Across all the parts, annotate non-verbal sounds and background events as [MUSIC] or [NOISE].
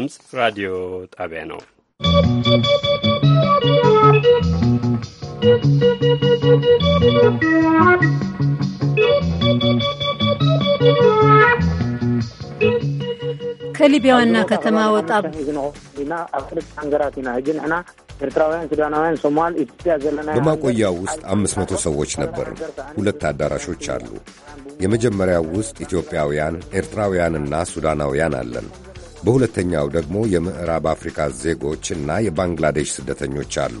ድምፅ ራዲዮ ጣቢያ ነው። ከሊቢያ ዋና ከተማ ወጣ በማቆያው ውስጥ አምስት መቶ ሰዎች ነበር ሁለት አዳራሾች አሉ። የመጀመሪያው ውስጥ ኢትዮጵያውያን፣ ኤርትራውያንና ሱዳናውያን አለን። በሁለተኛው ደግሞ የምዕራብ አፍሪካ ዜጎች እና የባንግላዴሽ ስደተኞች አሉ።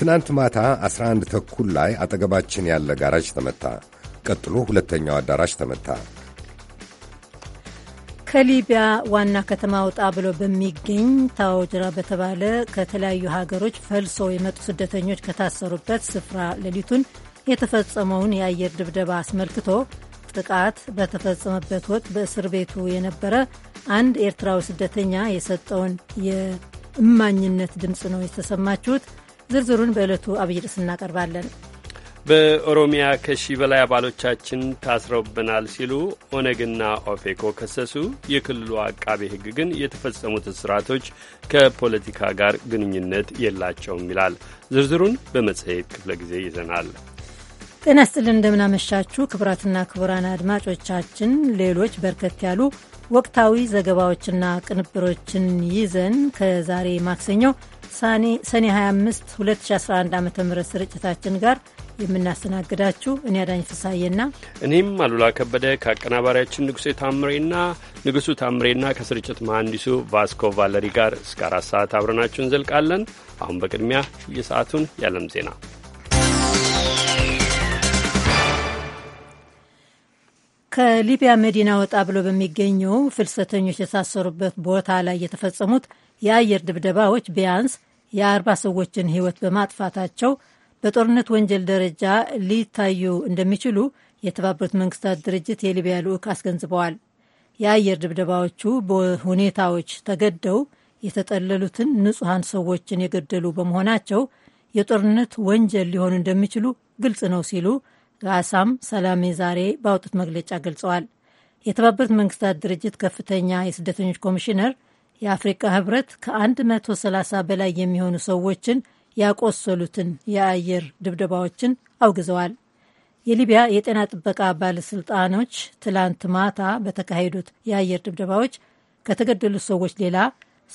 ትናንት ማታ 11 ተኩል ላይ አጠገባችን ያለ ጋራጅ ተመታ። ቀጥሎ ሁለተኛው አዳራሽ ተመታ። ከሊቢያ ዋና ከተማ ወጣ ብሎ በሚገኝ ታወጅራ በተባለ ከተለያዩ ሀገሮች ፈልሰው የመጡ ስደተኞች ከታሰሩበት ስፍራ ሌሊቱን የተፈጸመውን የአየር ድብደባ አስመልክቶ ጥቃት በተፈጸመበት ወቅት በእስር ቤቱ የነበረ አንድ ኤርትራዊ ስደተኛ የሰጠውን የእማኝነት ድምፅ ነው የተሰማችሁት። ዝርዝሩን በዕለቱ አብይ ርዕስ እናቀርባለን። በኦሮሚያ ከሺህ በላይ አባሎቻችን ታስረውብናል ሲሉ ኦነግና ኦፌኮ ከሰሱ። የክልሉ አቃቤ ሕግ ግን የተፈጸሙት እስራቶች ከፖለቲካ ጋር ግንኙነት የላቸውም ይላል። ዝርዝሩን በመጽሔት ክፍለ ጊዜ ይዘናል። ጤና ስጥልን እንደምናመሻችሁ ክቡራትና ክቡራን አድማጮቻችን ሌሎች በርከት ያሉ ወቅታዊ ዘገባዎችና ቅንብሮችን ይዘን ከዛሬ ማክሰኞ ሰኔ 25 2011 ዓ ም ስርጭታችን ጋር የምናስተናግዳችሁ እኔ አዳኝ ፍሳዬና እኔም አሉላ ከበደ ከአቀናባሪያችን ንጉሴ ታምሬና ንጉሱ ታምሬና ከስርጭት መሐንዲሱ ቫስኮ ቫለሪ ጋር እስከ አራት ሰዓት አብረናችሁ እንዘልቃለን። አሁን በቅድሚያ የሰዓቱን የዓለም ዜና ከሊቢያ መዲና ወጣ ብሎ በሚገኘው ፍልሰተኞች የታሰሩበት ቦታ ላይ የተፈጸሙት የአየር ድብደባዎች ቢያንስ የአርባ ሰዎችን ሕይወት በማጥፋታቸው በጦርነት ወንጀል ደረጃ ሊታዩ እንደሚችሉ የተባበሩት መንግስታት ድርጅት የሊቢያ ልዑክ አስገንዝበዋል። የአየር ድብደባዎቹ በሁኔታዎች ተገደው የተጠለሉትን ንጹሐን ሰዎችን የገደሉ በመሆናቸው የጦርነት ወንጀል ሊሆኑ እንደሚችሉ ግልጽ ነው ሲሉ ጋሳም ሰላሜ ዛሬ ባወጡት መግለጫ ገልጸዋል። የተባበሩት መንግስታት ድርጅት ከፍተኛ የስደተኞች ኮሚሽነር የአፍሪካ ህብረት ከ130 በላይ የሚሆኑ ሰዎችን ያቆሰሉትን የአየር ድብደባዎችን አውግዘዋል። የሊቢያ የጤና ጥበቃ ባለስልጣኖች ትላንት ማታ በተካሄዱት የአየር ድብደባዎች ከተገደሉት ሰዎች ሌላ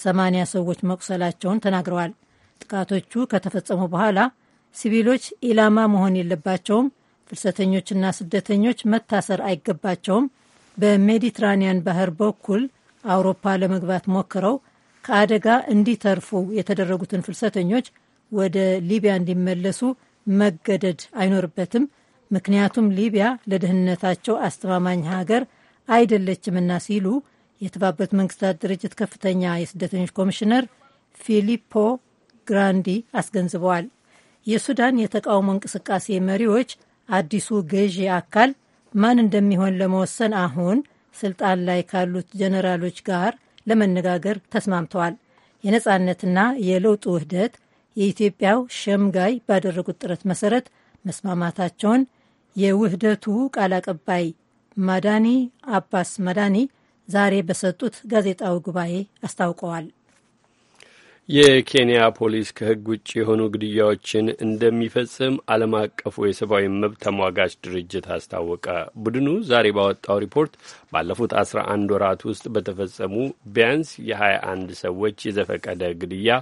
80 ሰዎች መቁሰላቸውን ተናግረዋል። ጥቃቶቹ ከተፈጸሙ በኋላ ሲቪሎች ኢላማ መሆን የለባቸውም ፍልሰተኞችና ስደተኞች መታሰር አይገባቸውም፣ በሜዲትራኒያን ባህር በኩል አውሮፓ ለመግባት ሞክረው ከአደጋ እንዲተርፉ የተደረጉትን ፍልሰተኞች ወደ ሊቢያ እንዲመለሱ መገደድ አይኖርበትም፣ ምክንያቱም ሊቢያ ለደህንነታቸው አስተማማኝ ሀገር አይደለችምና ሲሉ የተባበሩት መንግስታት ድርጅት ከፍተኛ የስደተኞች ኮሚሽነር ፊሊፖ ግራንዲ አስገንዝበዋል። የሱዳን የተቃውሞ እንቅስቃሴ መሪዎች አዲሱ ገዢ አካል ማን እንደሚሆን ለመወሰን አሁን ስልጣን ላይ ካሉት ጀነራሎች ጋር ለመነጋገር ተስማምተዋል። የነፃነትና የለውጥ ውህደት የኢትዮጵያው ሸምጋይ ባደረጉት ጥረት መሰረት መስማማታቸውን የውህደቱ ቃል አቀባይ ማዳኒ አባስ መዳኒ ዛሬ በሰጡት ጋዜጣዊ ጉባኤ አስታውቀዋል። የኬንያ ፖሊስ ከሕግ ውጭ የሆኑ ግድያዎችን እንደሚፈጽም ዓለም አቀፉ የሰብአዊ መብት ተሟጋች ድርጅት አስታወቀ። ቡድኑ ዛሬ ባወጣው ሪፖርት ባለፉት አስራ አንድ ወራት ውስጥ በተፈጸሙ ቢያንስ የሀያ አንድ ሰዎች የዘፈቀደ ግድያ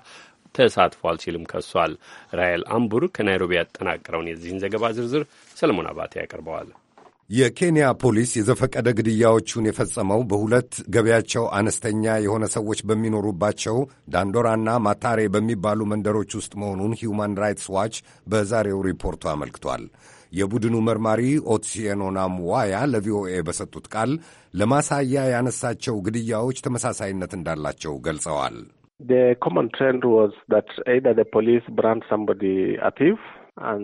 ተሳትፏል ሲልም ከሷል። ራይል አምቡር ከናይሮቢ ያጠናቀረውን የዚህን ዘገባ ዝርዝር ሰለሞን አባቴ ያቀርበዋል። የኬንያ ፖሊስ የዘፈቀደ ግድያዎቹን የፈጸመው በሁለት ገቢያቸው አነስተኛ የሆነ ሰዎች በሚኖሩባቸው ዳንዶራና ማታሬ በሚባሉ መንደሮች ውስጥ መሆኑን ሂውማን ራይትስ ዋች በዛሬው ሪፖርቱ አመልክቷል። የቡድኑ መርማሪ ኦትሲኖ ናሙዋያ ለቪኦኤ በሰጡት ቃል ለማሳያ ያነሳቸው ግድያዎች ተመሳሳይነት እንዳላቸው ገልጸዋል። The common trend was that either the police brand somebody a thief Uh,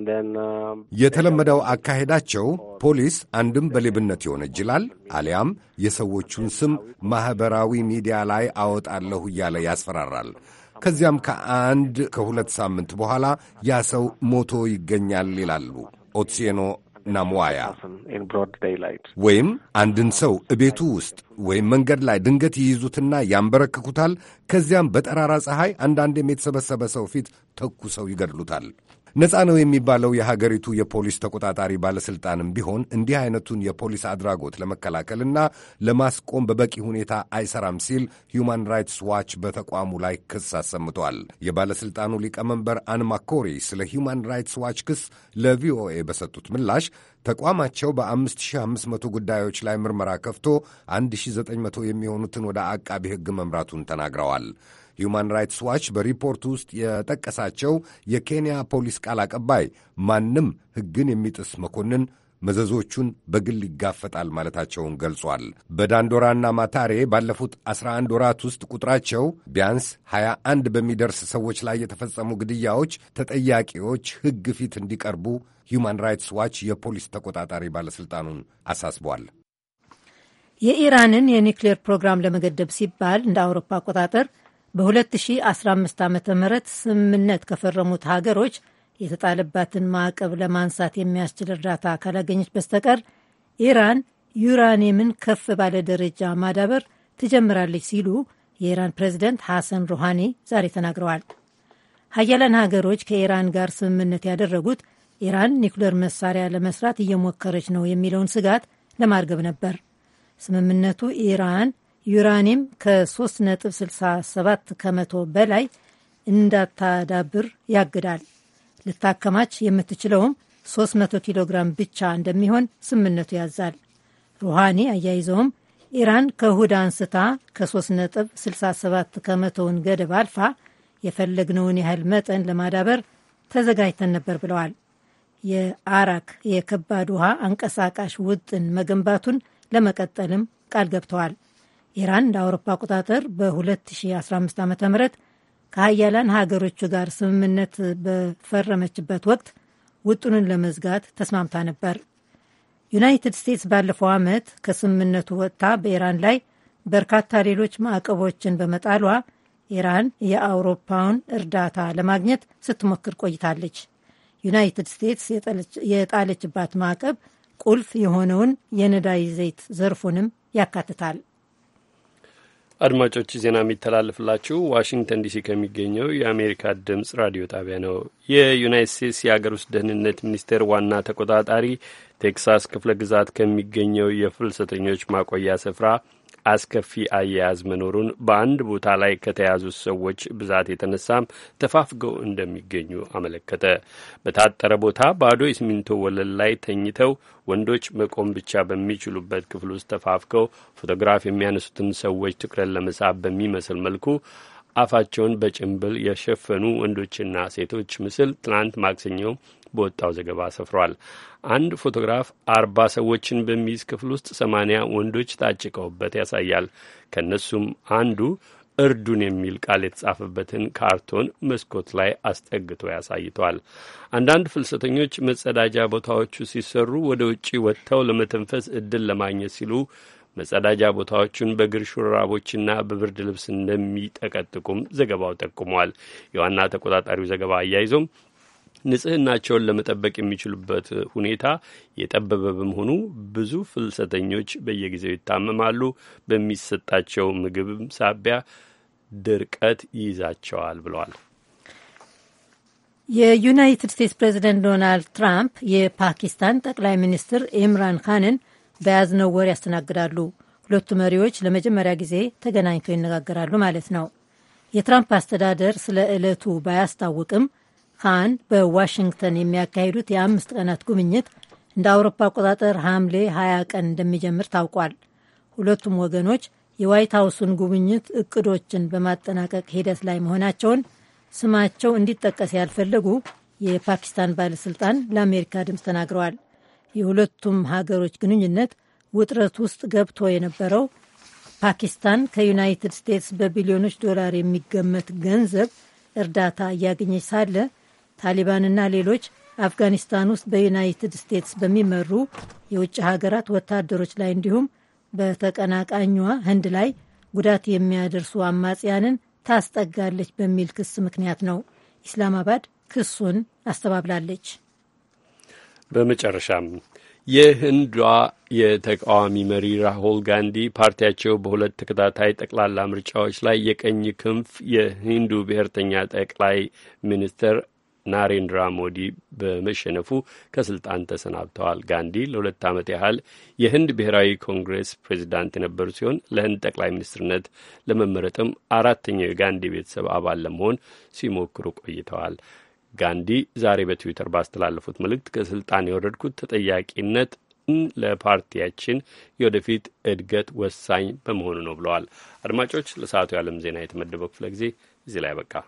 የተለመደው አካሄዳቸው ፖሊስ አንድም በሌብነት ይወነጅላል፣ አሊያም የሰዎቹን ስም ማኅበራዊ ሚዲያ ላይ አወጣለሁ እያለ ያስፈራራል። ከዚያም ከአንድ ከሁለት ሳምንት በኋላ ያ ሰው ሞቶ ይገኛል ይላሉ ኦትሴኖ ናሙዋያ። ወይም አንድን ሰው እቤቱ ውስጥ ወይም መንገድ ላይ ድንገት ይይዙትና ያንበረክኩታል። ከዚያም በጠራራ ፀሐይ አንዳንዴም የተሰበሰበ ሰው ፊት ተኩሰው ይገድሉታል። ነፃ ነው የሚባለው የሀገሪቱ የፖሊስ ተቆጣጣሪ ባለሥልጣንም ቢሆን እንዲህ አይነቱን የፖሊስ አድራጎት ለመከላከልና ለማስቆም በበቂ ሁኔታ አይሰራም ሲል ሁማን ራይትስ ዋች በተቋሙ ላይ ክስ አሰምቷል። የባለሥልጣኑ ሊቀመንበር አንማኮሪ ስለ ሁማን ራይትስ ዋች ክስ ለቪኦኤ በሰጡት ምላሽ ተቋማቸው በ5500 ጉዳዮች ላይ ምርመራ ከፍቶ 1900 የሚሆኑትን ወደ አቃቢ ሕግ መምራቱን ተናግረዋል። ሂውማን ራይትስ ዋች በሪፖርት ውስጥ የጠቀሳቸው የኬንያ ፖሊስ ቃል አቀባይ ማንም ሕግን የሚጥስ መኮንን መዘዞቹን በግል ይጋፈጣል ማለታቸውን ገልጿል። በዳንዶራና ማታሬ ባለፉት 11 ወራት ውስጥ ቁጥራቸው ቢያንስ 21 በሚደርስ ሰዎች ላይ የተፈጸሙ ግድያዎች ተጠያቂዎች ሕግ ፊት እንዲቀርቡ ሁማን ራይትስ ዋች የፖሊስ ተቆጣጣሪ ባለሥልጣኑን አሳስቧል። የኢራንን የኒውክሌር ፕሮግራም ለመገደብ ሲባል እንደ አውሮፓ አቆጣጠር በ2015 ዓ ም ስምምነት ከፈረሙት ሀገሮች የተጣለባትን ማዕቀብ ለማንሳት የሚያስችል እርዳታ ካላገኘች በስተቀር ኢራን ዩራኒየምን ከፍ ባለ ደረጃ ማዳበር ትጀምራለች ሲሉ የኢራን ፕሬዚደንት ሐሰን ሩሃኒ ዛሬ ተናግረዋል። ሀያላን ሀገሮች ከኢራን ጋር ስምምነት ያደረጉት ኢራን ኒኩሌር መሳሪያ ለመስራት እየሞከረች ነው የሚለውን ስጋት ለማርገብ ነበር። ስምምነቱ ኢራን ዩራኒየም ከ3.67 ከመቶ በላይ እንዳታዳብር ያግዳል። ልታከማች የምትችለውም 300 ኪሎ ግራም ብቻ እንደሚሆን ስምምነቱ ያዛል። ሩሃኒ አያይዘውም ኢራን ከእሁድ አንስታ ከ3.67 ከመቶውን ገደብ አልፋ የፈለግነውን ያህል መጠን ለማዳበር ተዘጋጅተን ነበር ብለዋል። የአራክ የከባድ ውሃ አንቀሳቃሽ ውጥን መገንባቱን ለመቀጠልም ቃል ገብተዋል። ኢራን እንደ አውሮፓ አቆጣጠር በ2015 ዓ ም ከሀያላን ሀገሮቹ ጋር ስምምነት በፈረመችበት ወቅት ውጡንን ለመዝጋት ተስማምታ ነበር። ዩናይትድ ስቴትስ ባለፈው ዓመት ከስምምነቱ ወጥታ በኢራን ላይ በርካታ ሌሎች ማዕቀቦችን በመጣሏ ኢራን የአውሮፓውን እርዳታ ለማግኘት ስትሞክር ቆይታለች። ዩናይትድ ስቴትስ የጣለችባት ማዕቀብ ቁልፍ የሆነውን የነዳጅ ዘይት ዘርፉንም ያካትታል። አድማጮች ዜና የሚተላለፍላችሁ ዋሽንግተን ዲሲ ከሚገኘው የአሜሪካ ድምጽ ራዲዮ ጣቢያ ነው። የዩናይት ስቴትስ የአገር ውስጥ ደህንነት ሚኒስቴር ዋና ተቆጣጣሪ ቴክሳስ ክፍለ ግዛት ከሚገኘው የፍልሰተኞች ማቆያ ስፍራ አስከፊ አያያዝ መኖሩን በአንድ ቦታ ላይ ከተያዙት ሰዎች ብዛት የተነሳም ተፋፍገው እንደሚገኙ አመለከተ። በታጠረ ቦታ ባዶ የሲሚንቶ ወለል ላይ ተኝተው ወንዶች መቆም ብቻ በሚችሉበት ክፍል ውስጥ ተፋፍገው ፎቶግራፍ የሚያነሱትን ሰዎች ትኩረት ለመሳብ በሚመስል መልኩ አፋቸውን በጭንብል የሸፈኑ ወንዶችና ሴቶች ምስል ትናንት ማክሰኞ በወጣው ዘገባ ሰፍሯል። አንድ ፎቶግራፍ አርባ ሰዎችን በሚይዝ ክፍል ውስጥ ሰማኒያ ወንዶች ታጭቀውበት ያሳያል። ከእነሱም አንዱ እርዱን የሚል ቃል የተጻፈበትን ካርቶን መስኮት ላይ አስጠግቶ ያሳይቷል። አንዳንድ ፍልሰተኞች መጸዳጃ ቦታዎቹ ሲሰሩ ወደ ውጪ ወጥተው ለመተንፈስ እድል ለማግኘት ሲሉ መጸዳጃ ቦታዎቹን በእግር ሹራቦችና በብርድ ልብስ እንደሚጠቀጥቁም ዘገባው ጠቁሟል። የዋና ተቆጣጣሪው ዘገባ አያይዞም ንጽህናቸውን ለመጠበቅ የሚችሉበት ሁኔታ የጠበበ በመሆኑ ብዙ ፍልሰተኞች በየጊዜው ይታመማሉ። በሚሰጣቸው ምግብም ሳቢያ ድርቀት ይይዛቸዋል ብለዋል። የዩናይትድ ስቴትስ ፕሬዚደንት ዶናልድ ትራምፕ የፓኪስታን ጠቅላይ ሚኒስትር ኢምራን ካንን በያዝነው ወር ያስተናግዳሉ። ሁለቱ መሪዎች ለመጀመሪያ ጊዜ ተገናኝተው ይነጋገራሉ ማለት ነው። የትራምፕ አስተዳደር ስለ ዕለቱ ባያስታውቅም ሃን በዋሽንግተን የሚያካሂዱት የአምስት ቀናት ጉብኝት እንደ አውሮፓ አቆጣጠር ሐምሌ 20 ቀን እንደሚጀምር ታውቋል። ሁለቱም ወገኖች የዋይት ሀውሱን ጉብኝት እቅዶችን በማጠናቀቅ ሂደት ላይ መሆናቸውን ስማቸው እንዲጠቀስ ያልፈለጉ የፓኪስታን ባለሥልጣን ለአሜሪካ ድምፅ ተናግረዋል። የሁለቱም ሀገሮች ግንኙነት ውጥረት ውስጥ ገብቶ የነበረው ፓኪስታን ከዩናይትድ ስቴትስ በቢሊዮኖች ዶላር የሚገመት ገንዘብ እርዳታ እያገኘች ሳለ ታሊባንና ሌሎች አፍጋኒስታን ውስጥ በዩናይትድ ስቴትስ በሚመሩ የውጭ ሀገራት ወታደሮች ላይ እንዲሁም በተቀናቃኟ ህንድ ላይ ጉዳት የሚያደርሱ አማጽያንን ታስጠጋለች በሚል ክስ ምክንያት ነው። ኢስላማባድ ክሱን አስተባብላለች። በመጨረሻም የህንዷ የተቃዋሚ መሪ ራሁል ጋንዲ ፓርቲያቸው በሁለት ተከታታይ ጠቅላላ ምርጫዎች ላይ የቀኝ ክንፍ የሂንዱ ብሔርተኛ ጠቅላይ ሚኒስትር ናሬንድራ ሞዲ በመሸነፉ ከስልጣን ተሰናብተዋል። ጋንዲ ለሁለት ዓመት ያህል የህንድ ብሔራዊ ኮንግሬስ ፕሬዚዳንት የነበሩ ሲሆን ለህንድ ጠቅላይ ሚኒስትርነት ለመመረጥም አራተኛው የጋንዲ ቤተሰብ አባል ለመሆን ሲሞክሩ ቆይተዋል። ጋንዲ ዛሬ በትዊተር ባስተላለፉት መልእክት ከስልጣን የወረድኩት ተጠያቂነት ለፓርቲያችን የወደፊት እድገት ወሳኝ በመሆኑ ነው ብለዋል። አድማጮች፣ ለሰዓቱ የዓለም ዜና የተመደበው ክፍለ ጊዜ እዚህ ላይ በቃ።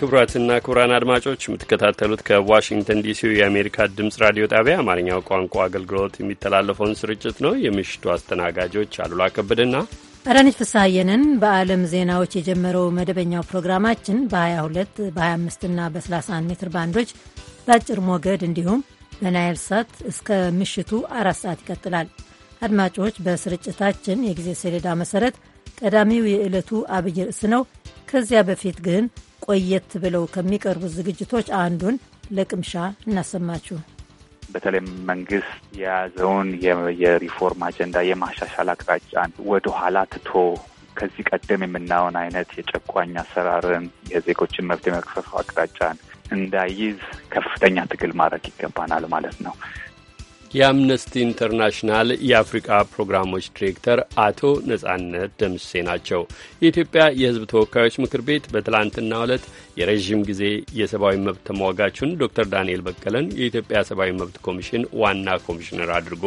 ክቡራትና ክቡራን አድማጮች የምትከታተሉት ከዋሽንግተን ዲሲ የአሜሪካ ድምጽ ራዲዮ ጣቢያ አማርኛው ቋንቋ አገልግሎት የሚተላለፈውን ስርጭት ነው። የምሽቱ አስተናጋጆች አሉላ ከበደና አዳነች ፍስሐየንን። በዓለም ዜናዎች የጀመረው መደበኛው ፕሮግራማችን በ22 በ25ና በ31 ሜትር ባንዶች በአጭር ሞገድ እንዲሁም በናይል ሳት እስከ ምሽቱ አራት ሰዓት ይቀጥላል። አድማጮች በስርጭታችን የጊዜ ሰሌዳ መሰረት ቀዳሚው የዕለቱ አብይ ርዕስ ነው። ከዚያ በፊት ግን ቆየት ብለው ከሚቀርቡት ዝግጅቶች አንዱን ለቅምሻ እናሰማችሁ። በተለይ መንግስት የያዘውን የሪፎርም አጀንዳ የማሻሻል አቅጣጫን ወደኋላ ትቶ ከዚህ ቀደም የምናየውን አይነት የጨቋኝ አሰራርን የዜጎችን መብት የመግፈፍ አቅጣጫን እንዳይዝ ከፍተኛ ትግል ማድረግ ይገባናል ማለት ነው። የአምነስቲ ኢንተርናሽናል የአፍሪቃ ፕሮግራሞች ዲሬክተር አቶ ነጻነት ደምሴ ናቸው። የኢትዮጵያ የሕዝብ ተወካዮች ምክር ቤት በትላንትናው ዕለት የረዥም ጊዜ የሰብአዊ መብት ተሟጋቹን ዶክተር ዳንኤል በቀለን የኢትዮጵያ ሰብአዊ መብት ኮሚሽን ዋና ኮሚሽነር አድርጎ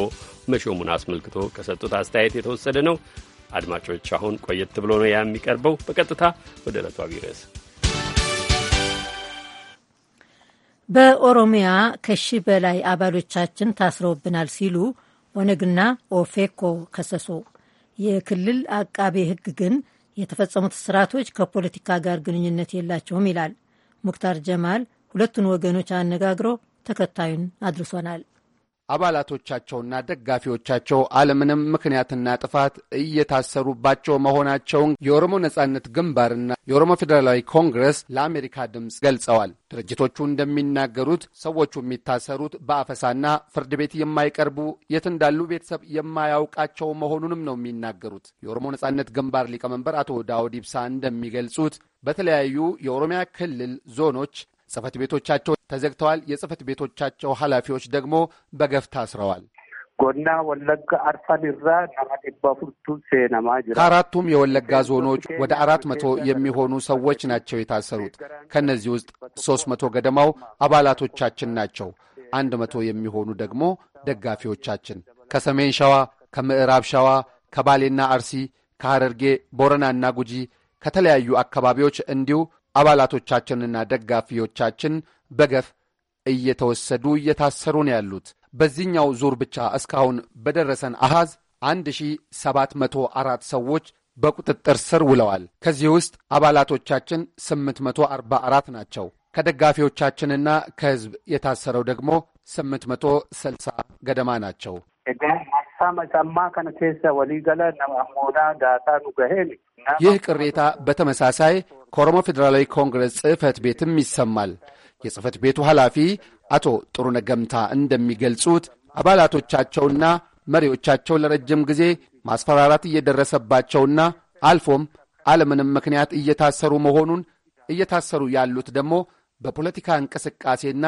መሾሙን አስመልክቶ ከሰጡት አስተያየት የተወሰደ ነው። አድማጮች፣ አሁን ቆየት ብሎ ነው ያ የሚቀርበው። በቀጥታ ወደ ዕለቱ አብይ ርዕስ በኦሮሚያ ከሺህ በላይ አባሎቻችን ታስረውብናል ሲሉ ኦነግና ኦፌኮ ከሰሱ። የክልል አቃቤ ሕግ ግን የተፈጸሙት ስርዓቶች ከፖለቲካ ጋር ግንኙነት የላቸውም ይላል። ሙክታር ጀማል ሁለቱን ወገኖች አነጋግሮ ተከታዩን አድርሶናል። አባላቶቻቸውና ደጋፊዎቻቸው አለምንም ምክንያትና ጥፋት እየታሰሩባቸው መሆናቸውን የኦሮሞ ነጻነት ግንባርና የኦሮሞ ፌዴራላዊ ኮንግረስ ለአሜሪካ ድምፅ ገልጸዋል። ድርጅቶቹ እንደሚናገሩት ሰዎቹ የሚታሰሩት በአፈሳና ፍርድ ቤት የማይቀርቡ የት እንዳሉ ቤተሰብ የማያውቃቸው መሆኑንም ነው የሚናገሩት። የኦሮሞ ነጻነት ግንባር ሊቀመንበር አቶ ዳውድ ኢብሳ እንደሚገልጹት በተለያዩ የኦሮሚያ ክልል ዞኖች ጽህፈት ቤቶቻቸው ተዘግተዋል። የጽህፈት ቤቶቻቸው ኃላፊዎች ደግሞ በገፍ ታስረዋል። ጎና ወለጋ አርፋን ራ ከአራቱም የወለጋ ዞኖች ወደ አራት መቶ የሚሆኑ ሰዎች ናቸው የታሰሩት። ከእነዚህ ውስጥ ሶስት መቶ ገደማው አባላቶቻችን ናቸው። አንድ መቶ የሚሆኑ ደግሞ ደጋፊዎቻችን ከሰሜን ሸዋ፣ ከምዕራብ ሸዋ፣ ከባሌና አርሲ፣ ከሐረርጌ፣ ቦረናና ጉጂ ከተለያዩ አካባቢዎች እንዲሁ አባላቶቻችንና ደጋፊዎቻችን በገፍ እየተወሰዱ እየታሰሩ ነው ያሉት። በዚህኛው ዙር ብቻ እስካሁን በደረሰን አሃዝ 1704 ሰዎች በቁጥጥር ስር ውለዋል። ከዚህ ውስጥ አባላቶቻችን 844 ናቸው። ከደጋፊዎቻችንና ከህዝብ የታሰረው ደግሞ 860 ገደማ ናቸው። ይህ ቅሬታ በተመሳሳይ ከኦሮሞ ፌዴራላዊ ኮንግረስ ጽሕፈት ቤትም ይሰማል። የጽሕፈት ቤቱ ኃላፊ አቶ ጥሩነ ገምታ እንደሚገልጹት አባላቶቻቸውና መሪዎቻቸው ለረጅም ጊዜ ማስፈራራት እየደረሰባቸውና አልፎም አለምንም ምክንያት እየታሰሩ መሆኑን እየታሰሩ ያሉት ደግሞ በፖለቲካ እንቅስቃሴና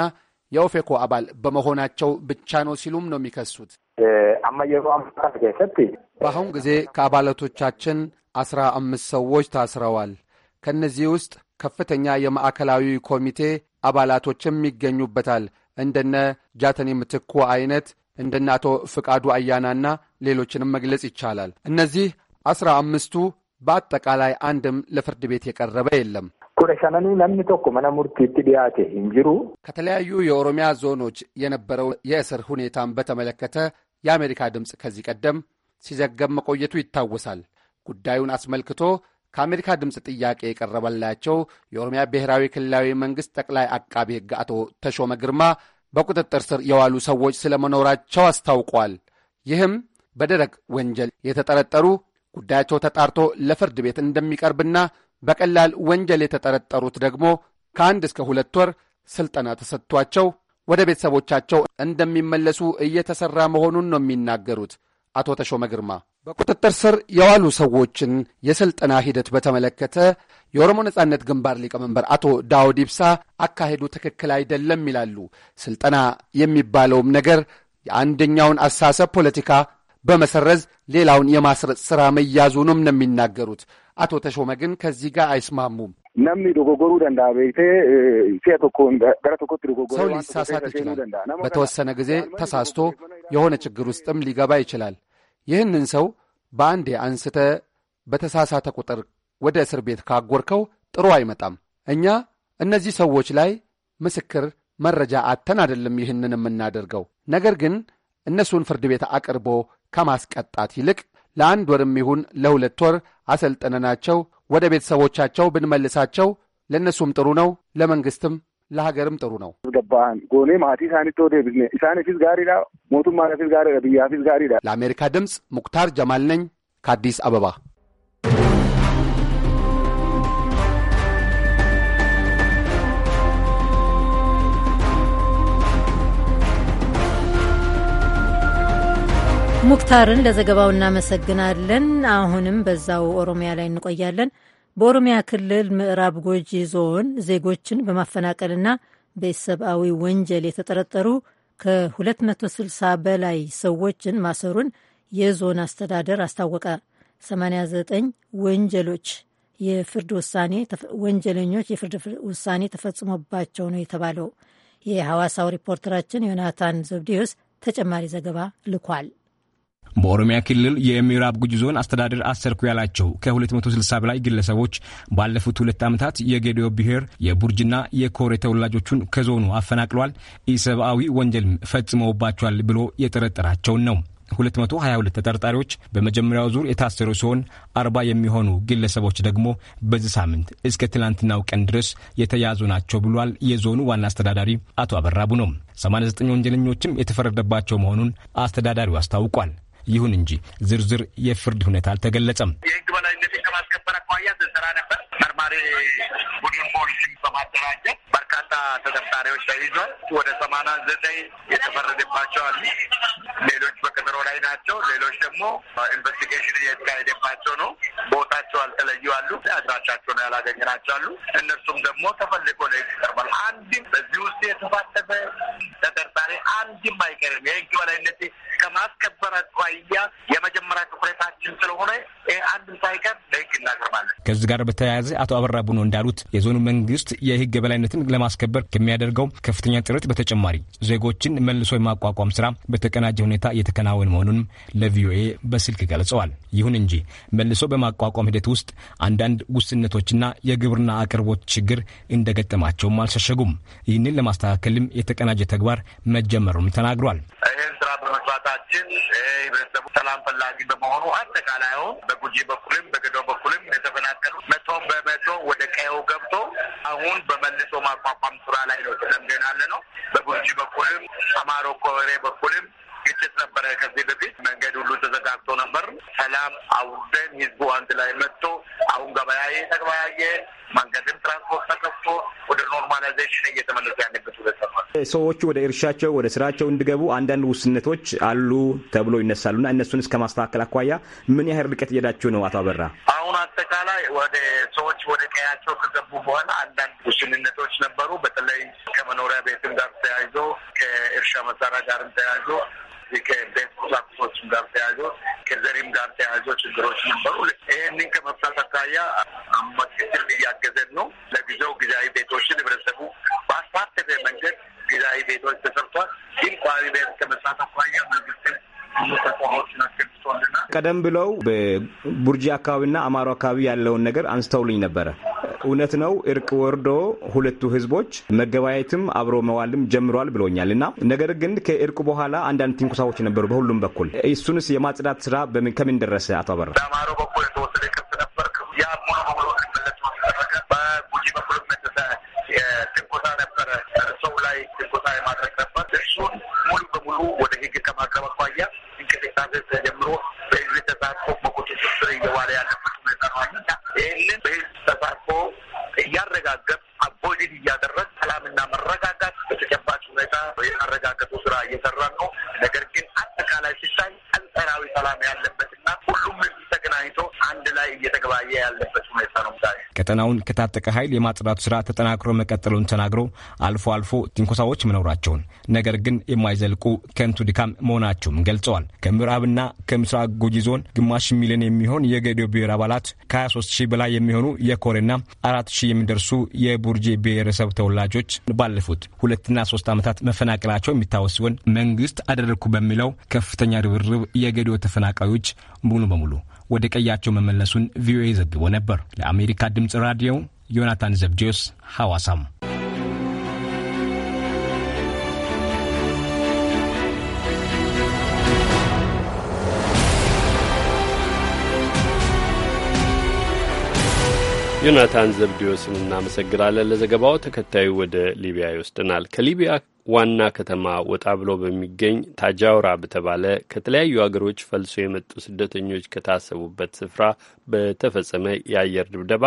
የኦፌኮ አባል በመሆናቸው ብቻ ነው ሲሉም ነው የሚከሱት። በአሁን ጊዜ ከአባላቶቻችን አስራ አምስት ሰዎች ታስረዋል። ከእነዚህ ውስጥ ከፍተኛ የማዕከላዊ ኮሚቴ አባላቶችም ይገኙበታል። እንደነ ጃተኒ ምትኩ አይነት እንደነ አቶ ፍቃዱ አያናና ሌሎችንም መግለጽ ይቻላል። እነዚህ አስራ አምስቱ በአጠቃላይ አንድም ለፍርድ ቤት የቀረበ የለም። ቶኮ መነ ሙርቲቲ ዲያቴ ከተለያዩ የኦሮሚያ ዞኖች የነበረው የእስር ሁኔታን በተመለከተ የአሜሪካ ድምፅ ከዚህ ቀደም ሲዘገብ መቆየቱ ይታወሳል። ጉዳዩን አስመልክቶ ከአሜሪካ ድምፅ ጥያቄ የቀረበላቸው የኦሮሚያ ብሔራዊ ክልላዊ መንግስት ጠቅላይ አቃቢ ሕግ አቶ ተሾመ ግርማ በቁጥጥር ስር የዋሉ ሰዎች ስለመኖራቸው አስታውቋል። ይህም በደረግ ወንጀል የተጠረጠሩ ጉዳያቸው ተጣርቶ ለፍርድ ቤት እንደሚቀርብና በቀላል ወንጀል የተጠረጠሩት ደግሞ ከአንድ እስከ ሁለት ወር ስልጠና ተሰጥቷቸው ወደ ቤተሰቦቻቸው እንደሚመለሱ እየተሰራ መሆኑን ነው የሚናገሩት አቶ ተሾመ ግርማ በቁጥጥር ስር የዋሉ ሰዎችን የስልጠና ሂደት በተመለከተ የኦሮሞ ነጻነት ግንባር ሊቀመንበር አቶ ዳውድ ኢብሳ አካሄዱ ትክክል አይደለም ይላሉ። ስልጠና የሚባለውም ነገር የአንደኛውን አሳሰብ ፖለቲካ በመሰረዝ ሌላውን የማስረጽ ስራ መያዙንም ነው የሚናገሩት። አቶ ተሾመ ግን ከዚህ ጋር አይስማሙም። ነምኒ ዶጎጎሩ ደንዳ ቤቴ ሰው ሊሳሳት ይችላል። በተወሰነ ጊዜ ተሳስቶ የሆነ ችግር ውስጥም ሊገባ ይችላል። ይህንን ሰው በአንዴ አንስተ በተሳሳተ ቁጥር ወደ እስር ቤት ካጎርከው ጥሩ አይመጣም። እኛ እነዚህ ሰዎች ላይ ምስክር መረጃ አተን አይደለም ይህንን የምናደርገው። ነገር ግን እነሱን ፍርድ ቤት አቅርቦ ከማስቀጣት ይልቅ ለአንድ ወርም ይሁን ለሁለት ወር አሰልጥነናቸው ወደ ቤተሰቦቻቸው ብንመልሳቸው ለእነሱም ጥሩ ነው፣ ለመንግሥትም ለሀገርም ጥሩ ነው። ገባን ጎኔ ማቲ ሳኒቶ ዴብዝኔ ኢሳኒፊስ ጋሪዳ ሞቱማፊስ ጋሪዳ ብያፊስ ጋሪዳ። ለአሜሪካ ድምፅ ሙክታር ጀማል ነኝ ከአዲስ አበባ። ሙክታርን ለዘገባው እናመሰግናለን። አሁንም በዛው ኦሮሚያ ላይ እንቆያለን። በኦሮሚያ ክልል ምዕራብ ጎጂ ዞን ዜጎችን በማፈናቀልና በሰብአዊ ወንጀል የተጠረጠሩ ከ260 በላይ ሰዎችን ማሰሩን የዞን አስተዳደር አስታወቀ። 89 ወንጀሎች የፍርድ ውሳኔ ወንጀለኞች የፍርድ ውሳኔ ተፈጽሞባቸው ነው የተባለው። የሐዋሳው ሪፖርተራችን ዮናታን ዘብዴዎስ ተጨማሪ ዘገባ ልኳል። በኦሮሚያ ክልል የምዕራብ ጉጂ ዞን አስተዳደር አሰርኩ ያላቸው ከ260 በላይ ግለሰቦች ባለፉት ሁለት ዓመታት የጌዲዮ ብሔር የቡርጅና የኮሬ ተወላጆቹን ከዞኑ አፈናቅሏል፣ ኢሰብአዊ ወንጀልም ፈጽመውባቸዋል ብሎ የጠረጠራቸውን ነው። 222 ተጠርጣሪዎች በመጀመሪያው ዙር የታሰሩ ሲሆን 40 የሚሆኑ ግለሰቦች ደግሞ በዚህ ሳምንት እስከ ትላንትናው ቀን ድረስ የተያዙ ናቸው ብሏል የዞኑ ዋና አስተዳዳሪ አቶ አበራቡ ነው። 89 ወንጀለኞችም የተፈረደባቸው መሆኑን አስተዳዳሪው አስታውቋል። ይሁን እንጂ ዝርዝር የፍርድ ሁኔታ አልተገለጸም። የህግ በላይነትን ከማስከበር አኳያ ስንሰራ ነበር። መርማሪ ቡድን ፖሊሲን በማደራጀት በርካታ ተጠርጣሪዎች ተይዟል። ወደ ሰማንያ ዘጠኝ የተፈረደባቸው አሉ። ሌሎች በቀጠሮ ላይ ናቸው። ሌሎች ደግሞ ኢንቨስቲጌሽን እየተካሄደባቸው ነው። ቦታቸው አልተለዩ አሉ። ነው ያላገኘናቸው አሉ። እነርሱም ደግሞ ተፈልጎ ለህግ ቀርቧል። አንድም በዚህ ውስጥ የተሳተፈ ተጠርጣሪ አንድም አይቀርም። የህግ በላይነት ከማስከበር አኳያ ግድያ የመጀመሪያ ትኩረታችን ስለሆነ አንድ ሳይቀር ለህግ እናቀርባለን። ከዚህ ጋር በተያያዘ አቶ አበራ ቡኖ እንዳሉት የዞኑ መንግስት የህግ የበላይነትን ለማስከበር ከሚያደርገው ከፍተኛ ጥረት በተጨማሪ ዜጎችን መልሶ የማቋቋም ስራ በተቀናጀ ሁኔታ እየተከናወነ መሆኑን ለቪኦኤ በስልክ ገልጸዋል። ይሁን እንጂ መልሶ በማቋቋም ሂደት ውስጥ አንዳንድ ውስንነቶችና የግብርና አቅርቦት ችግር እንደገጠማቸውም አልሸሸጉም። ይህንን ለማስተካከልም የተቀናጀ ተግባር መጀመሩም ተናግሯል። ይህን ስራ በመስራታችን ህብረተሰቡ ሰላም ፈላጊ በመሆኑ አጠቃላይ በጉጂ በኩልም በገዶ በኩልም የተፈናቀሉ መቶ በመቶ ወደ ቀየው ገብቶ አሁን በመልሶ ማቋቋም ስራ ላይ ነው ተለምደን ያለ ነው። በጉጂ በኩልም አማሮ ኮሬ በኩልም ግጭት ነበረ። ከዚህ በፊት መንገድ ሁሉ ተዘጋግቶ ነበር። ሰላም አውርደን ህዝቡ አንድ ላይ መጥቶ አሁን ገበያዬ ተገበያየ መንገድም ትራንስፖርት ተከፍቶ ወደ ኖርማላይዜሽን እየተመለሱ ያለበት ሁለት ሰዎቹ ወደ እርሻቸው ወደ ስራቸው እንዲገቡ አንዳንድ ውስነቶች አሉ ተብሎ ይነሳሉ እና እነሱን እስከ ማስተካከል አኳያ ምን ያህል ርቀት እየሄዳችሁ ነው? አቶ አበራ፣ አሁን አጠቃላይ ወደ ሰዎች ወደ ቀያቸው ከገቡ በኋላ አንዳንድ ውስንነቶች ነበሩ። በተለይ ከመኖሪያ ቤትም ጋር ተያይዞ ከእርሻ መሳሪያ ጋርም ተያይዞ እዚህ ጋር ተያይዞ ከዘሪም ጋር ተያይዞ ችግሮች ነበሩ። ይህንን ከመፍታት አኳያ አመክትል እያገዘን ነው። ለጊዜው ጊዜያዊ ቤቶችን ህብረተሰቡ በአሳተፈ መንገድ ጊዜያዊ ቤቶች ተሰርቷል። ግን ቋሚ ቤት ከመስራት አኳያ መንግስትን ቀደም ብለው በቡርጂ አካባቢና አማሮ አካባቢ ያለውን ነገር አንስተውልኝ ነበረ። እውነት ነው እርቅ ወርዶ ሁለቱ ህዝቦች መገባየትም አብሮ መዋልም ጀምሯል ብሎኛል እና ነገር ግን ከእርቁ በኋላ አንዳንድ ትንኩሳዎች ነበሩ በሁሉም በኩል። እሱንስ የማጽዳት ስራ ከምን ደረሰ? አቶ አበራ በአማሮ በኩል የተወሰደ ቅርጽ ነበር። ያ ሙሉ በሙሉ ተደረገ። በጉጂ በኩል ነበረ። ሰው ላይ የማድረግ ነበር። እሱን ሙሉ በሙሉ ወደ ህግ ከማቅረብ አኳያ እንቅስቃሴ ተጀምሮ በህዝብ ተሳትፎ ይህንን በህዝብ ተሳትፎ እያረጋገጥ አቦይድ እያደረግ ሰላምና መረጋጋት በተጨባጭ ሁኔታ የማረጋገጡ ስራ እየሰራ ነው። ነገር ግን አጠቃላይ ሲታይ አንጻራዊ ሰላም ያለበትና አንድ ላይ እየተገባየ ያለበት ሁኔታ ነው። ቀጠናውን ከታጠቀ ኃይል የማጽዳቱ ስራ ተጠናክሮ መቀጠሉን ተናግሮ አልፎ አልፎ ትንኮሳዎች መኖራቸውን ነገር ግን የማይዘልቁ ከንቱ ድካም መሆናቸውም ገልጸዋል። ከምዕራብና ከምስራቅ ጉጂ ዞን ግማሽ ሚሊዮን የሚሆን የጌዲዮ ብሔር አባላት ከ23 ሺህ በላይ የሚሆኑ የኮሬና አራት ሺህ የሚደርሱ የቡርጄ ብሔረሰብ ተወላጆች ባለፉት ሁለትና ሶስት ዓመታት መፈናቀላቸው የሚታወስ ሲሆን መንግስት አደረግኩ በሚለው ከፍተኛ ርብርብ የገዶ ተፈናቃዮች ሙሉ በሙሉ ወደ ቀያቸው መመለሱን ቪኦኤ ዘግቦ ነበር። ለአሜሪካ ድምፅ ራዲዮ ዮናታን ዘብዲዮስ ሐዋሳም ዮናታን ዘብዲዮስን እናመሰግናለን ለዘገባው። ተከታዩ ወደ ሊቢያ ይወስደናል። ከሊቢያ ዋና ከተማ ወጣ ብሎ በሚገኝ ታጃውራ በተባለ ከተለያዩ አገሮች ፈልሶ የመጡ ስደተኞች ከታሰቡበት ስፍራ በተፈጸመ የአየር ድብደባ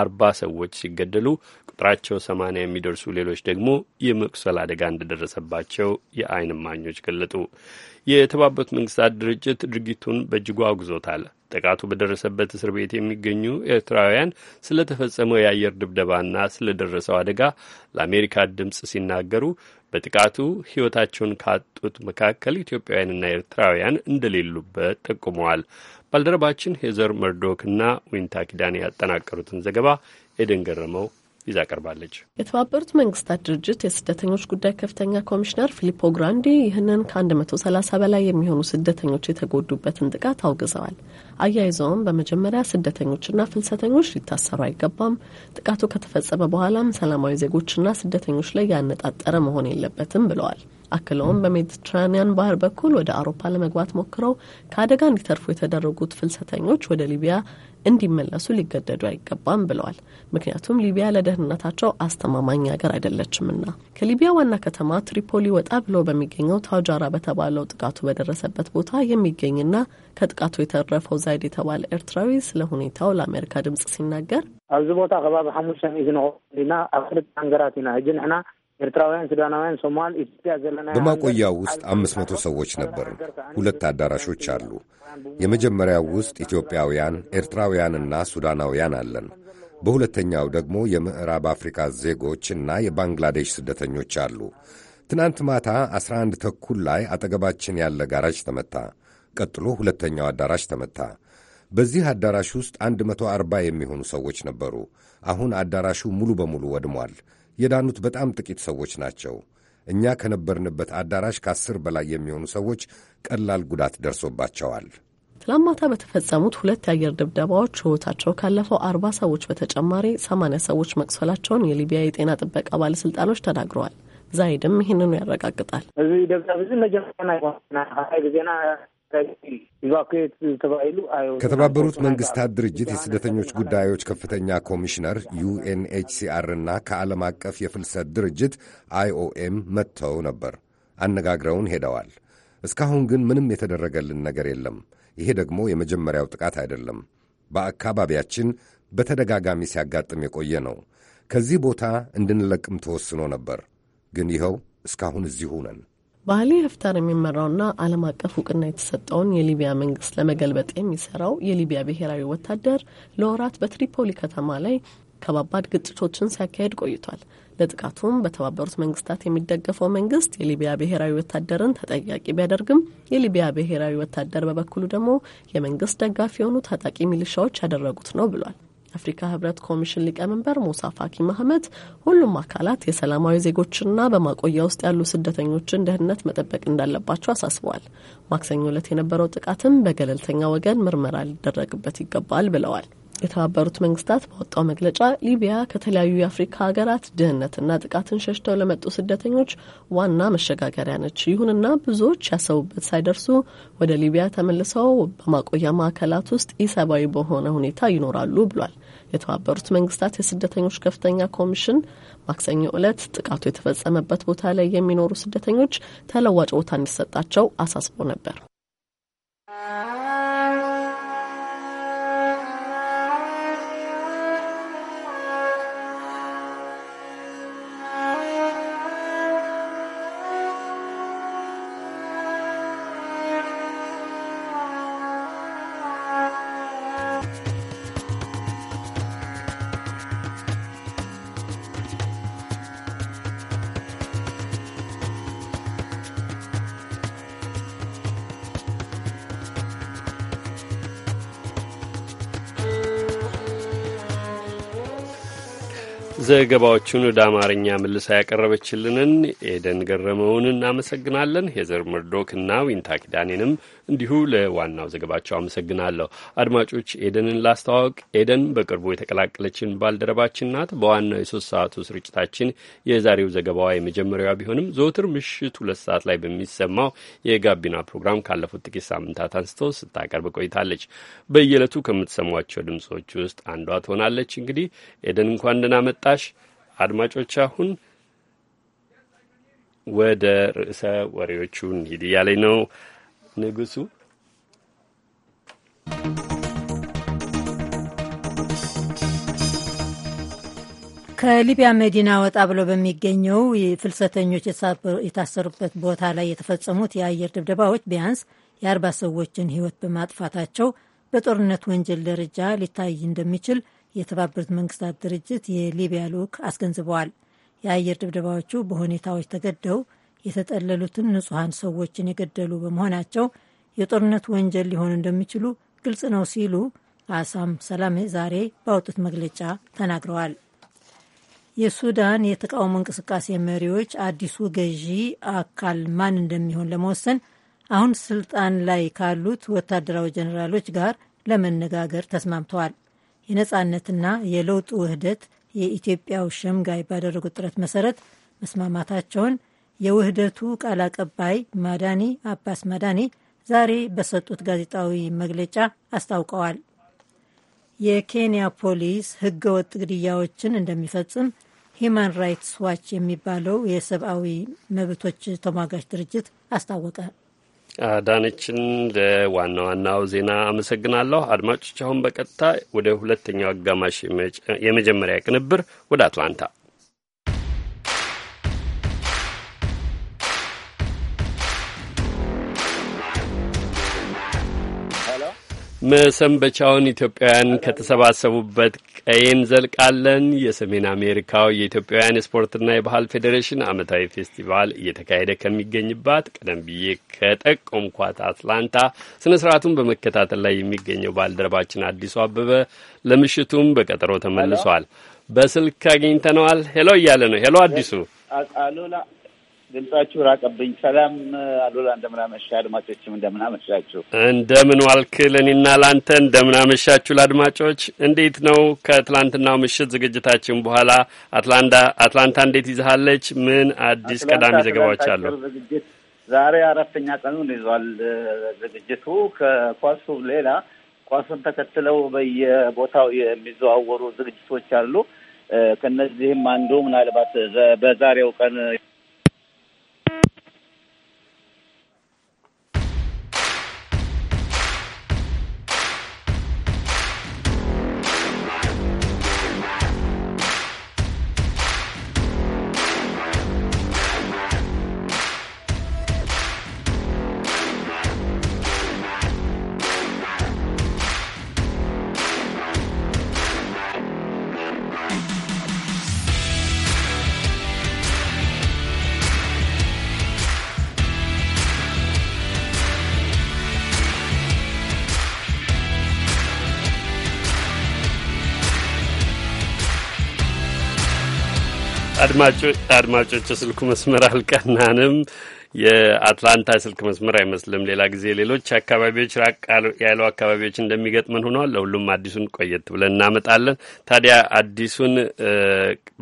አርባ ሰዎች ሲገደሉ ቁጥራቸው ሰማንያ የሚደርሱ ሌሎች ደግሞ የመቁሰል አደጋ እንደደረሰባቸው የአይን እማኞች ገለጡ። የተባበሩት መንግስታት ድርጅት ድርጊቱን በእጅጉ አውግዞታል። ጥቃቱ በደረሰበት እስር ቤት የሚገኙ ኤርትራውያን ተፈጸመው የአየር ድብደባና ስለደረሰው አደጋ ለአሜሪካ ድምፅ ሲናገሩ በጥቃቱ ሕይወታቸውን ካጡት መካከል ኢትዮጵያውያንና ኤርትራውያን እንደሌሉበት ጠቁመዋል። ባልደረባችን ሄዘር መርዶክና ዊንታ ኪዳን ያጠናቀሩትን ዘገባ ኤደን ገረመው ይዛ ቀርባለች። የተባበሩት መንግስታት ድርጅት የስደተኞች ጉዳይ ከፍተኛ ኮሚሽነር ፊሊፖ ግራንዲ ይህንን ከ130 በላይ የሚሆኑ ስደተኞች የተጎዱበትን ጥቃት አውግዘዋል። አያይዘውም በመጀመሪያ ስደተኞችና ፍልሰተኞች ሊታሰሩ አይገባም፣ ጥቃቱ ከተፈጸመ በኋላም ሰላማዊ ዜጎችና ስደተኞች ላይ ያነጣጠረ መሆን የለበትም ብለዋል። አክለውም በሜዲትራኒያን ባህር በኩል ወደ አውሮፓ ለመግባት ሞክረው ከአደጋ እንዲተርፉ የተደረጉት ፍልሰተኞች ወደ ሊቢያ እንዲመለሱ ሊገደዱ አይገባም ብለዋል። ምክንያቱም ሊቢያ ለደህንነታቸው አስተማማኝ ሀገር አይደለችምና። ከሊቢያ ዋና ከተማ ትሪፖሊ ወጣ ብሎ በሚገኘው ታውጃራ በተባለው ጥቃቱ በደረሰበት ቦታ የሚገኝና ከጥቃቱ የተረፈው ዛይድ የተባለ ኤርትራዊ ስለ ሁኔታው ለአሜሪካ ድምጽ ሲናገር ኣብዚ ቦታ ከባቢ ሓሙሽተ ሚእቲ ንቆ ኢና ኣብ ክልተ ሃንገራት ኢና ሕጂ ንሕና ኤርትራውያን፣ ሱዳናውያን፣ ሶማል፣ ኢትዮጵያ ዘለና በማቆያው ውስጥ አምስት መቶ ሰዎች ነበርን። ሁለት አዳራሾች አሉ። የመጀመሪያው ውስጥ ኢትዮጵያውያን፣ ኤርትራውያንና ሱዳናውያን አለን። በሁለተኛው ደግሞ የምዕራብ አፍሪካ ዜጎች እና የባንግላዴሽ ስደተኞች አሉ። ትናንት ማታ 11 ተኩል ላይ አጠገባችን ያለ ጋራጅ ተመታ። ቀጥሎ ሁለተኛው አዳራሽ ተመታ። በዚህ አዳራሽ ውስጥ 140 የሚሆኑ ሰዎች ነበሩ። አሁን አዳራሹ ሙሉ በሙሉ ወድሟል። የዳኑት በጣም ጥቂት ሰዎች ናቸው። እኛ ከነበርንበት አዳራሽ ከአስር በላይ የሚሆኑ ሰዎች ቀላል ጉዳት ደርሶባቸዋል። ትላማታ ማታ በተፈጸሙት ሁለት የአየር ድብደባዎች ሕይወታቸው ካለፈው አርባ ሰዎች በተጨማሪ ሰማኒያ ሰዎች መቁሰላቸውን የሊቢያ የጤና ጥበቃ ባለስልጣኖች ተናግረዋል። ዛይድም ይህንኑ ያረጋግጣል። ከተባበሩት መንግስታት ድርጅት የስደተኞች ጉዳዮች ከፍተኛ ኮሚሽነር ዩኤንኤችሲአር እና ከዓለም አቀፍ የፍልሰት ድርጅት አይኦኤም መጥተው ነበር። አነጋግረውን ሄደዋል። እስካሁን ግን ምንም የተደረገልን ነገር የለም። ይሄ ደግሞ የመጀመሪያው ጥቃት አይደለም። በአካባቢያችን በተደጋጋሚ ሲያጋጥም የቆየ ነው። ከዚህ ቦታ እንድንለቅም ተወስኖ ነበር፣ ግን ይኸው እስካሁን እዚሁ ነን። በአሊ ሀፍታር የሚመራውና ዓለም አቀፍ እውቅና የተሰጠውን የሊቢያ መንግስት ለመገልበጥ የሚሰራው የሊቢያ ብሔራዊ ወታደር ለወራት በትሪፖሊ ከተማ ላይ ከባባድ ግጭቶችን ሲያካሄድ ቆይቷል። ለጥቃቱም በተባበሩት መንግስታት የሚደገፈው መንግስት የሊቢያ ብሔራዊ ወታደርን ተጠያቂ ቢያደርግም የሊቢያ ብሔራዊ ወታደር በበኩሉ ደግሞ የመንግስት ደጋፊ የሆኑ ታጣቂ ሚሊሻዎች ያደረጉት ነው ብሏል። የአፍሪካ ህብረት ኮሚሽን ሊቀመንበር ሙሳ ፋኪ ማህመት ሁሉም አካላት የሰላማዊ ዜጎችና በማቆያ ውስጥ ያሉ ስደተኞችን ደህንነት መጠበቅ እንዳለባቸው አሳስበዋል። ማክሰኞ ዕለት የነበረው ጥቃትም በገለልተኛ ወገን ምርመራ ሊደረግበት ይገባል ብለዋል። የተባበሩት መንግስታት ባወጣው መግለጫ ሊቢያ ከተለያዩ የአፍሪካ ሀገራት ድህነትና ጥቃትን ሸሽተው ለመጡ ስደተኞች ዋና መሸጋገሪያ ነች። ይሁንና ብዙዎች ያሰቡበት ሳይደርሱ ወደ ሊቢያ ተመልሰው በማቆያ ማዕከላት ውስጥ ኢሰብአዊ በሆነ ሁኔታ ይኖራሉ ብሏል። የተባበሩት መንግስታት የስደተኞች ከፍተኛ ኮሚሽን ማክሰኞ ዕለት ጥቃቱ የተፈጸመበት ቦታ ላይ የሚኖሩ ስደተኞች ተለዋጭ ቦታ እንዲሰጣቸው አሳስቦ ነበር። ዘገባዎቹን ወደ አማርኛ መልሳ ያቀረበችልንን ኤደን ገረመውን እናመሰግናለን። ሄዘር መርዶክና ዊንታ ኪዳኔንም እንዲሁ ለዋናው ዘገባቸው አመሰግናለሁ። አድማጮች ኤደንን ላስተዋወቅ። ኤደን በቅርቡ የተቀላቀለችን ባልደረባችን ናት። በዋናው የሶስት ሰዓቱ ስርጭታችን የዛሬው ዘገባዋ የመጀመሪያዋ ቢሆንም ዘወትር ምሽት ሁለት ሰዓት ላይ በሚሰማው የጋቢና ፕሮግራም ካለፉት ጥቂት ሳምንታት አንስቶ ስታቀርብ ቆይታለች። በየዕለቱ ከምትሰሟቸው ድምጾች ውስጥ አንዷ ትሆናለች። እንግዲህ ኤደን እንኳን ደህና መጣሽ። አድማጮች አሁን ወደ ርዕሰ ወሬዎቹ እንሂድ እያለኝ ነው። ንጉሱ ከሊቢያ መዲና ወጣ ብሎ በሚገኘው ፍልሰተኞች የታሰሩበት ቦታ ላይ የተፈጸሙት የአየር ድብደባዎች ቢያንስ የአርባ ሰዎችን ሕይወት በማጥፋታቸው በጦርነት ወንጀል ደረጃ ሊታይ እንደሚችል የተባበሩት መንግስታት ድርጅት የሊቢያ ልዑክ አስገንዝበዋል። የአየር ድብደባዎቹ በሁኔታዎች ተገደው የተጠለሉትን ንጹሐን ሰዎችን የገደሉ በመሆናቸው የጦርነት ወንጀል ሊሆኑ እንደሚችሉ ግልጽ ነው ሲሉ አሳም ሰላሜ ዛሬ ባወጡት መግለጫ ተናግረዋል። የሱዳን የተቃውሞ እንቅስቃሴ መሪዎች አዲሱ ገዢ አካል ማን እንደሚሆን ለመወሰን አሁን ስልጣን ላይ ካሉት ወታደራዊ ጀኔራሎች ጋር ለመነጋገር ተስማምተዋል። የነጻነትና የለውጥ ውህደት የኢትዮጵያው ሸምጋይ ባደረጉት ጥረት መሰረት መስማማታቸውን የውህደቱ ቃል አቀባይ ማዳኒ አባስ ማዳኒ ዛሬ በሰጡት ጋዜጣዊ መግለጫ አስታውቀዋል። የኬንያ ፖሊስ ወጥ ግድያዎችን እንደሚፈጽም ሂማን ራይትስ ዋች የሚባለው የሰብአዊ መብቶች ተሟጋች ድርጅት አስታወቀ። አዳነችን ለዋና ዋናው ዜና አመሰግናለሁ። አድማጮች፣ አሁን በቀጥታ ወደ ሁለተኛው አጋማሽ የመጀመሪያ ቅንብር ወደ አትላንታ መሰንበቻውን ኢትዮጵያውያን ከተሰባሰቡበት ቀይን ዘልቃለን። የሰሜን አሜሪካው የኢትዮጵያውያን የስፖርትና የባህል ፌዴሬሽን ዓመታዊ ፌስቲቫል እየተካሄደ ከሚገኝባት ቀደም ብዬ ከጠቆምኳት አትላንታ ስነ ስርዓቱን በመከታተል ላይ የሚገኘው ባልደረባችን አዲሱ አበበ ለምሽቱም በቀጠሮ ተመልሷል። በስልክ አግኝተነዋል። ሄሎ እያለ ነው። ሄሎ አዲሱ ድምጻችሁ ራቀብኝ። ሰላም አሉላ፣ እንደምናመሻ አድማጮችም እንደምናመሻችሁ። እንደምን ዋልክ ለእኔና ላንተ፣ እንደምናመሻችሁ ለአድማጮች። እንዴት ነው ከትላንትናው ምሽት ዝግጅታችን በኋላ አትላንታ አትላንታ እንዴት ይዛሃለች? ምን አዲስ ቀዳሚ ዘገባዎች አሉ? ዝግጅት ዛሬ አራተኛ ቀኑን ይዟል ዝግጅቱ። ከኳሱ ሌላ ኳሱን ተከትለው በየቦታው የሚዘዋወሩ ዝግጅቶች አሉ። ከነዚህም አንዱ ምናልባት በዛሬው ቀን አድማጮች የስልኩ መስመር አልቀናንም። የአትላንታ ስልክ መስመር አይመስልም። ሌላ ጊዜ ሌሎች አካባቢዎች ራቅ ያሉ አካባቢዎች እንደሚገጥመን ሆኗል። ለሁሉም አዲሱን ቆየት ብለን እናመጣለን። ታዲያ አዲሱን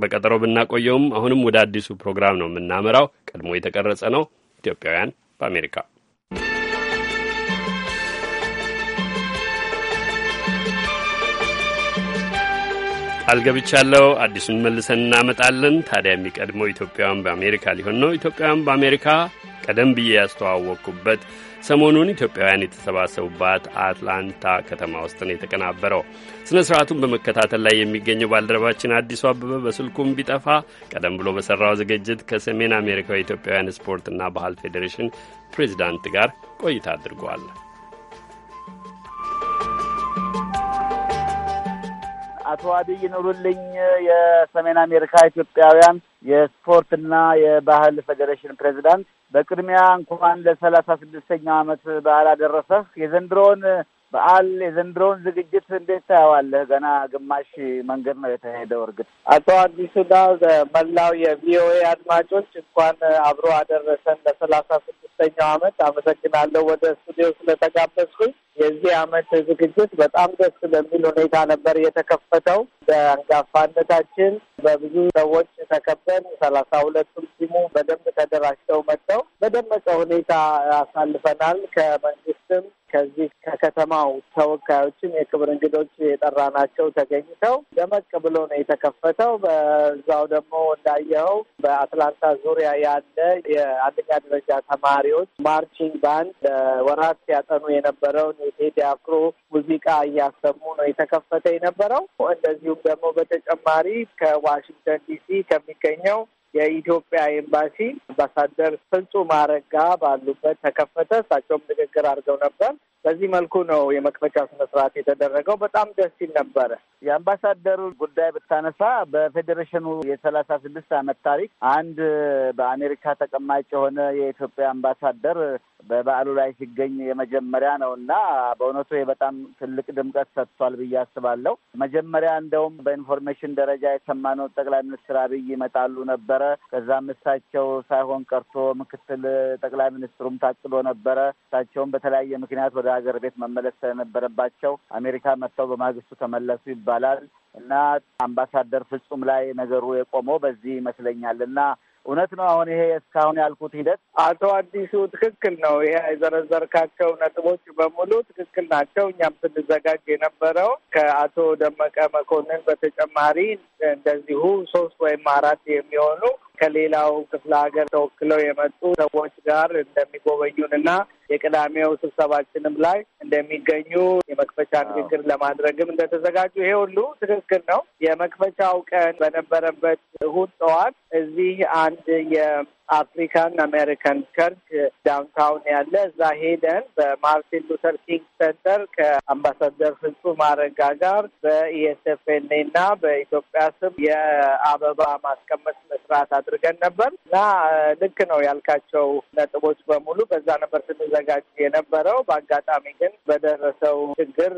በቀጠሮ ብናቆየውም አሁንም ወደ አዲሱ ፕሮግራም ነው የምናመራው። ቀድሞ የተቀረጸ ነው። ኢትዮጵያውያን በአሜሪካ ቃል ገብቻለሁ። አዲሱን መልሰን እናመጣለን። ታዲያ የሚቀድመው ኢትዮጵያውያን በአሜሪካ ሊሆን ነው። ኢትዮጵያውያን በአሜሪካ ቀደም ብዬ ያስተዋወቅኩበት ሰሞኑን ኢትዮጵያውያን የተሰባሰቡባት አትላንታ ከተማ ውስጥ ነው የተቀናበረው። ስነ ስርዓቱን በመከታተል ላይ የሚገኘው ባልደረባችን አዲሱ አበበ በስልኩም ቢጠፋ ቀደም ብሎ በሠራው ዝግጅት ከሰሜን አሜሪካዊ ኢትዮጵያውያን ስፖርትና ባህል ፌዴሬሽን ፕሬዚዳንት ጋር ቆይታ አድርጓል። አቶ አብይ ኑሩልኝ የሰሜን አሜሪካ ኢትዮጵያውያን የስፖርትና የባህል ፌዴሬሽን ፕሬዚዳንት፣ በቅድሚያ እንኳን ለሰላሳ ስድስተኛው ዓመት በዓል አደረሰህ። የዘንድሮውን በዓል የዘንድሮውን ዝግጅት እንዴት ታየዋለህ? ገና ግማሽ መንገድ ነው የተሄደው። እርግጥ አቶ አዲሱና መላው የቪኦኤ አድማጮች እንኳን አብሮ አደረሰን ለሰላሳ ስድስተኛው አመት። አመሰግናለሁ ወደ ስቱዲዮ ስለተጋበዝኩኝ። የዚህ አመት ዝግጅት በጣም ደስ በሚል ሁኔታ ነበር የተከፈተው። በአንጋፋነታችን በብዙ ሰዎች ተከበን ሰላሳ ሁለቱም ሲሙ በደንብ ተደራጅተው መጥተው በደመቀ ሁኔታ አሳልፈናል። ከመንግስትም ከዚህ ከከተማው ተወካዮችም የክብር እንግዶች ናቸው ተገኝተው ደመቅ ብሎ ነው የተከፈተው። በዛው ደግሞ እንዳየኸው በአትላንታ ዙሪያ ያለ የአንደኛ ደረጃ ተማሪዎች ማርቺንግ ባንድ ለወራት ሲያጠኑ የነበረውን የቴዲ አፍሮ ሙዚቃ እያሰሙ ነው የተከፈተ የነበረው እንደዚሁ እንዲሁም ደግሞ በተጨማሪ ከዋሽንግተን ዲሲ ከሚገኘው የኢትዮጵያ ኤምባሲ አምባሳደር ፍጹም አረጋ ባሉበት ተከፈተ። እሳቸውም ንግግር አድርገው ነበር። በዚህ መልኩ ነው የመክፈቻ ስነስርዓት የተደረገው። በጣም ደስ ሲል ነበረ። የአምባሳደሩ ጉዳይ ብታነሳ በፌዴሬሽኑ የሰላሳ ስድስት ዓመት ታሪክ አንድ በአሜሪካ ተቀማጭ የሆነ የኢትዮጵያ አምባሳደር በበዓሉ ላይ ሲገኝ የመጀመሪያ ነው እና በእውነቱ በጣም ትልቅ ድምቀት ሰጥቷል ብዬ አስባለሁ። መጀመሪያ እንደውም በኢንፎርሜሽን ደረጃ የሰማነው ጠቅላይ ሚኒስትር አብይ ይመጣሉ ነበረ። ከዛም እሳቸው ሳይሆን ቀርቶ ምክትል ጠቅላይ ሚኒስትሩም ታቅዶ ነበረ። እሳቸውም በተለያየ ምክንያት ወደ ሀገር ቤት መመለስ ስለነበረባቸው አሜሪካ መጥተው በማግስቱ ተመለሱ ይባላል እና አምባሳደር ፍጹም ላይ ነገሩ የቆመው በዚህ ይመስለኛል እና እውነት ነው። አሁን ይሄ እስካሁን ያልኩት ሂደት አቶ አዲሱ ትክክል ነው። ይሄ የዘረዘርካቸው ነጥቦች በሙሉ ትክክል ናቸው። እኛም ስንዘጋጅ የነበረው ከአቶ ደመቀ መኮንን በተጨማሪ እንደዚሁ ሶስት ወይም አራት የሚሆኑ ከሌላው ክፍለ ሀገር ተወክለው የመጡ ሰዎች ጋር እንደሚጎበኙን እና የቅዳሜው ስብሰባችንም ላይ እንደሚገኙ የመክፈቻ ንግግር ለማድረግም እንደተዘጋጁ ይሄ ሁሉ ትክክል ነው። የመክፈቻው ቀን በነበረበት እሁድ ጠዋት እዚህ አንድ አፍሪካን አሜሪካን ቸርች ዳውንታውን ያለ እዛ ሄደን በማርቲን ሉተር ኪንግ ሴንተር ከአምባሳደር ፍጹም አረጋ ጋር በኢኤስኤፍኤን እና በኢትዮጵያ ስም የአበባ ማስቀመጥ መስራት አድርገን ነበር እና ልክ ነው ያልካቸው ነጥቦች በሙሉ በዛ ነበር ስንዘጋጅ የነበረው። በአጋጣሚ ግን በደረሰው ችግር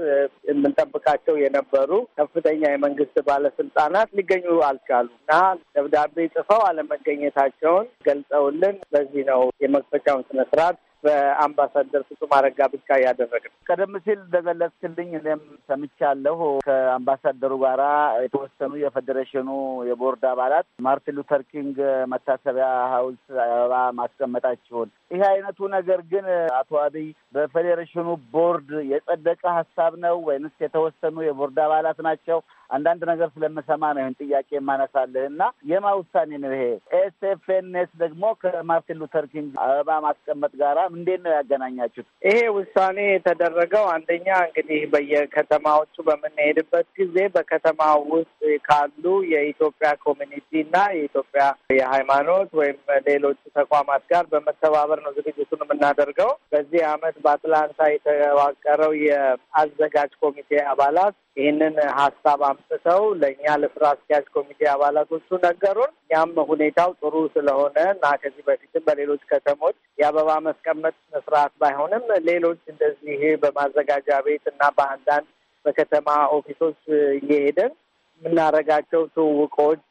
የምንጠብቃቸው የነበሩ ከፍተኛ የመንግስት ባለስልጣናት ሊገኙ አልቻሉ እና ደብዳቤ ጽፈው አለመገኘታቸውን ገል ገልጸውልን በዚህ ነው የመክፈቻውን ስነስርዓት በአምባሳደር ፍጹም አረጋ ብቻ ያደረግን። ቀደም ሲል እንደገለጽክልኝ እኔም ሰምቻለሁ። ከአምባሳደሩ ጋራ የተወሰኑ የፌዴሬሽኑ የቦርድ አባላት ማርቲን ሉተር ኪንግ መታሰቢያ ሐውልት አበባ ማስቀመጣችሁን ይህ አይነቱ ነገር ግን አቶ አብይ በፌዴሬሽኑ ቦርድ የጸደቀ ሀሳብ ነው ወይንስ የተወሰኑ የቦርድ አባላት ናቸው አንዳንድ ነገር ስለምሰማ ነው ይህን ጥያቄ የማነሳልህ እና የማ ውሳኔ ነው ይሄ? ኤስኤፍኤንኤስ ደግሞ ከማርቲን ሉተር ኪንግ አበባ ማስቀመጥ ጋራ እንዴት ነው ያገናኛችሁት? ይሄ ውሳኔ የተደረገው አንደኛ እንግዲህ በየከተማዎቹ በምንሄድበት ጊዜ በከተማ ውስጥ ካሉ የኢትዮጵያ ኮሚኒቲ እና የኢትዮጵያ የሃይማኖት ወይም ሌሎች ተቋማት ጋር በመተባበር ነው ዝግጅቱን የምናደርገው። በዚህ አመት በአትላንታ የተዋቀረው የአዘጋጅ ኮሚቴ አባላት ይህንን ሀሳብ አንስተው ለእኛ ለስራ አስኪያጅ ኮሚቴ አባላቶቹ ነገሩን። እኛም ሁኔታው ጥሩ ስለሆነ እና ከዚህ በፊትም በሌሎች ከተሞች የአበባ መስቀመጥ ስነስርዓት ባይሆንም ሌሎች እንደዚህ በማዘጋጃ ቤት እና በአንዳንድ በከተማ ኦፊሶች እየሄደን የምናደርጋቸው ትውውቆች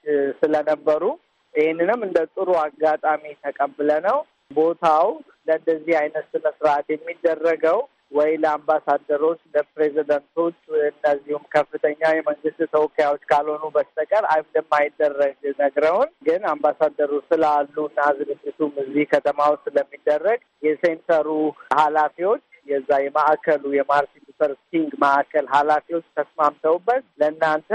ስለነበሩ ይህንንም እንደ ጥሩ አጋጣሚ ተቀብለ ነው ቦታው ለእንደዚህ አይነት ስነስርዓት የሚደረገው ወይ ለአምባሳደሮች፣ ለፕሬዚደንቶች እንደዚሁም ከፍተኛ የመንግስት ተወካዮች ካልሆኑ በስተቀር እንደማይደረግ ነግረውን፣ ግን አምባሳደሩ ስላሉና ዝግጅቱም እዚህ ከተማ ውስጥ ስለሚደረግ የሴንተሩ ኃላፊዎች የዛ የማዕከሉ የማርቲን ሉተር ኪንግ ማዕከል ኃላፊዎች ተስማምተውበት ለእናንተ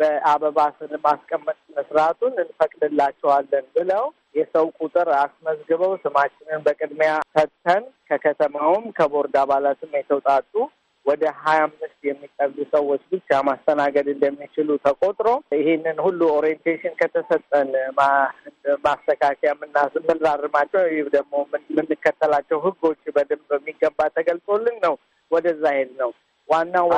በአበባ ስር ማስቀመጥ መስራቱን እንፈቅድላቸዋለን ብለው የሰው ቁጥር አስመዝግበው ስማችንን በቅድሚያ ሰጥተን ከከተማውም ከቦርድ አባላትም የተውጣጡ ወደ ሀያ አምስት የሚጠጉ ሰዎች ብቻ ማስተናገድ እንደሚችሉ ተቆጥሮ ይህንን ሁሉ ኦሪየንቴሽን ከተሰጠን ማስተካከያ የምናራርማቸው ይህ ደግሞ የምንከተላቸው ህጎች በደንብ በሚገባ ተገልጾልን ነው ወደዛ ሄድ ነው። ዋናው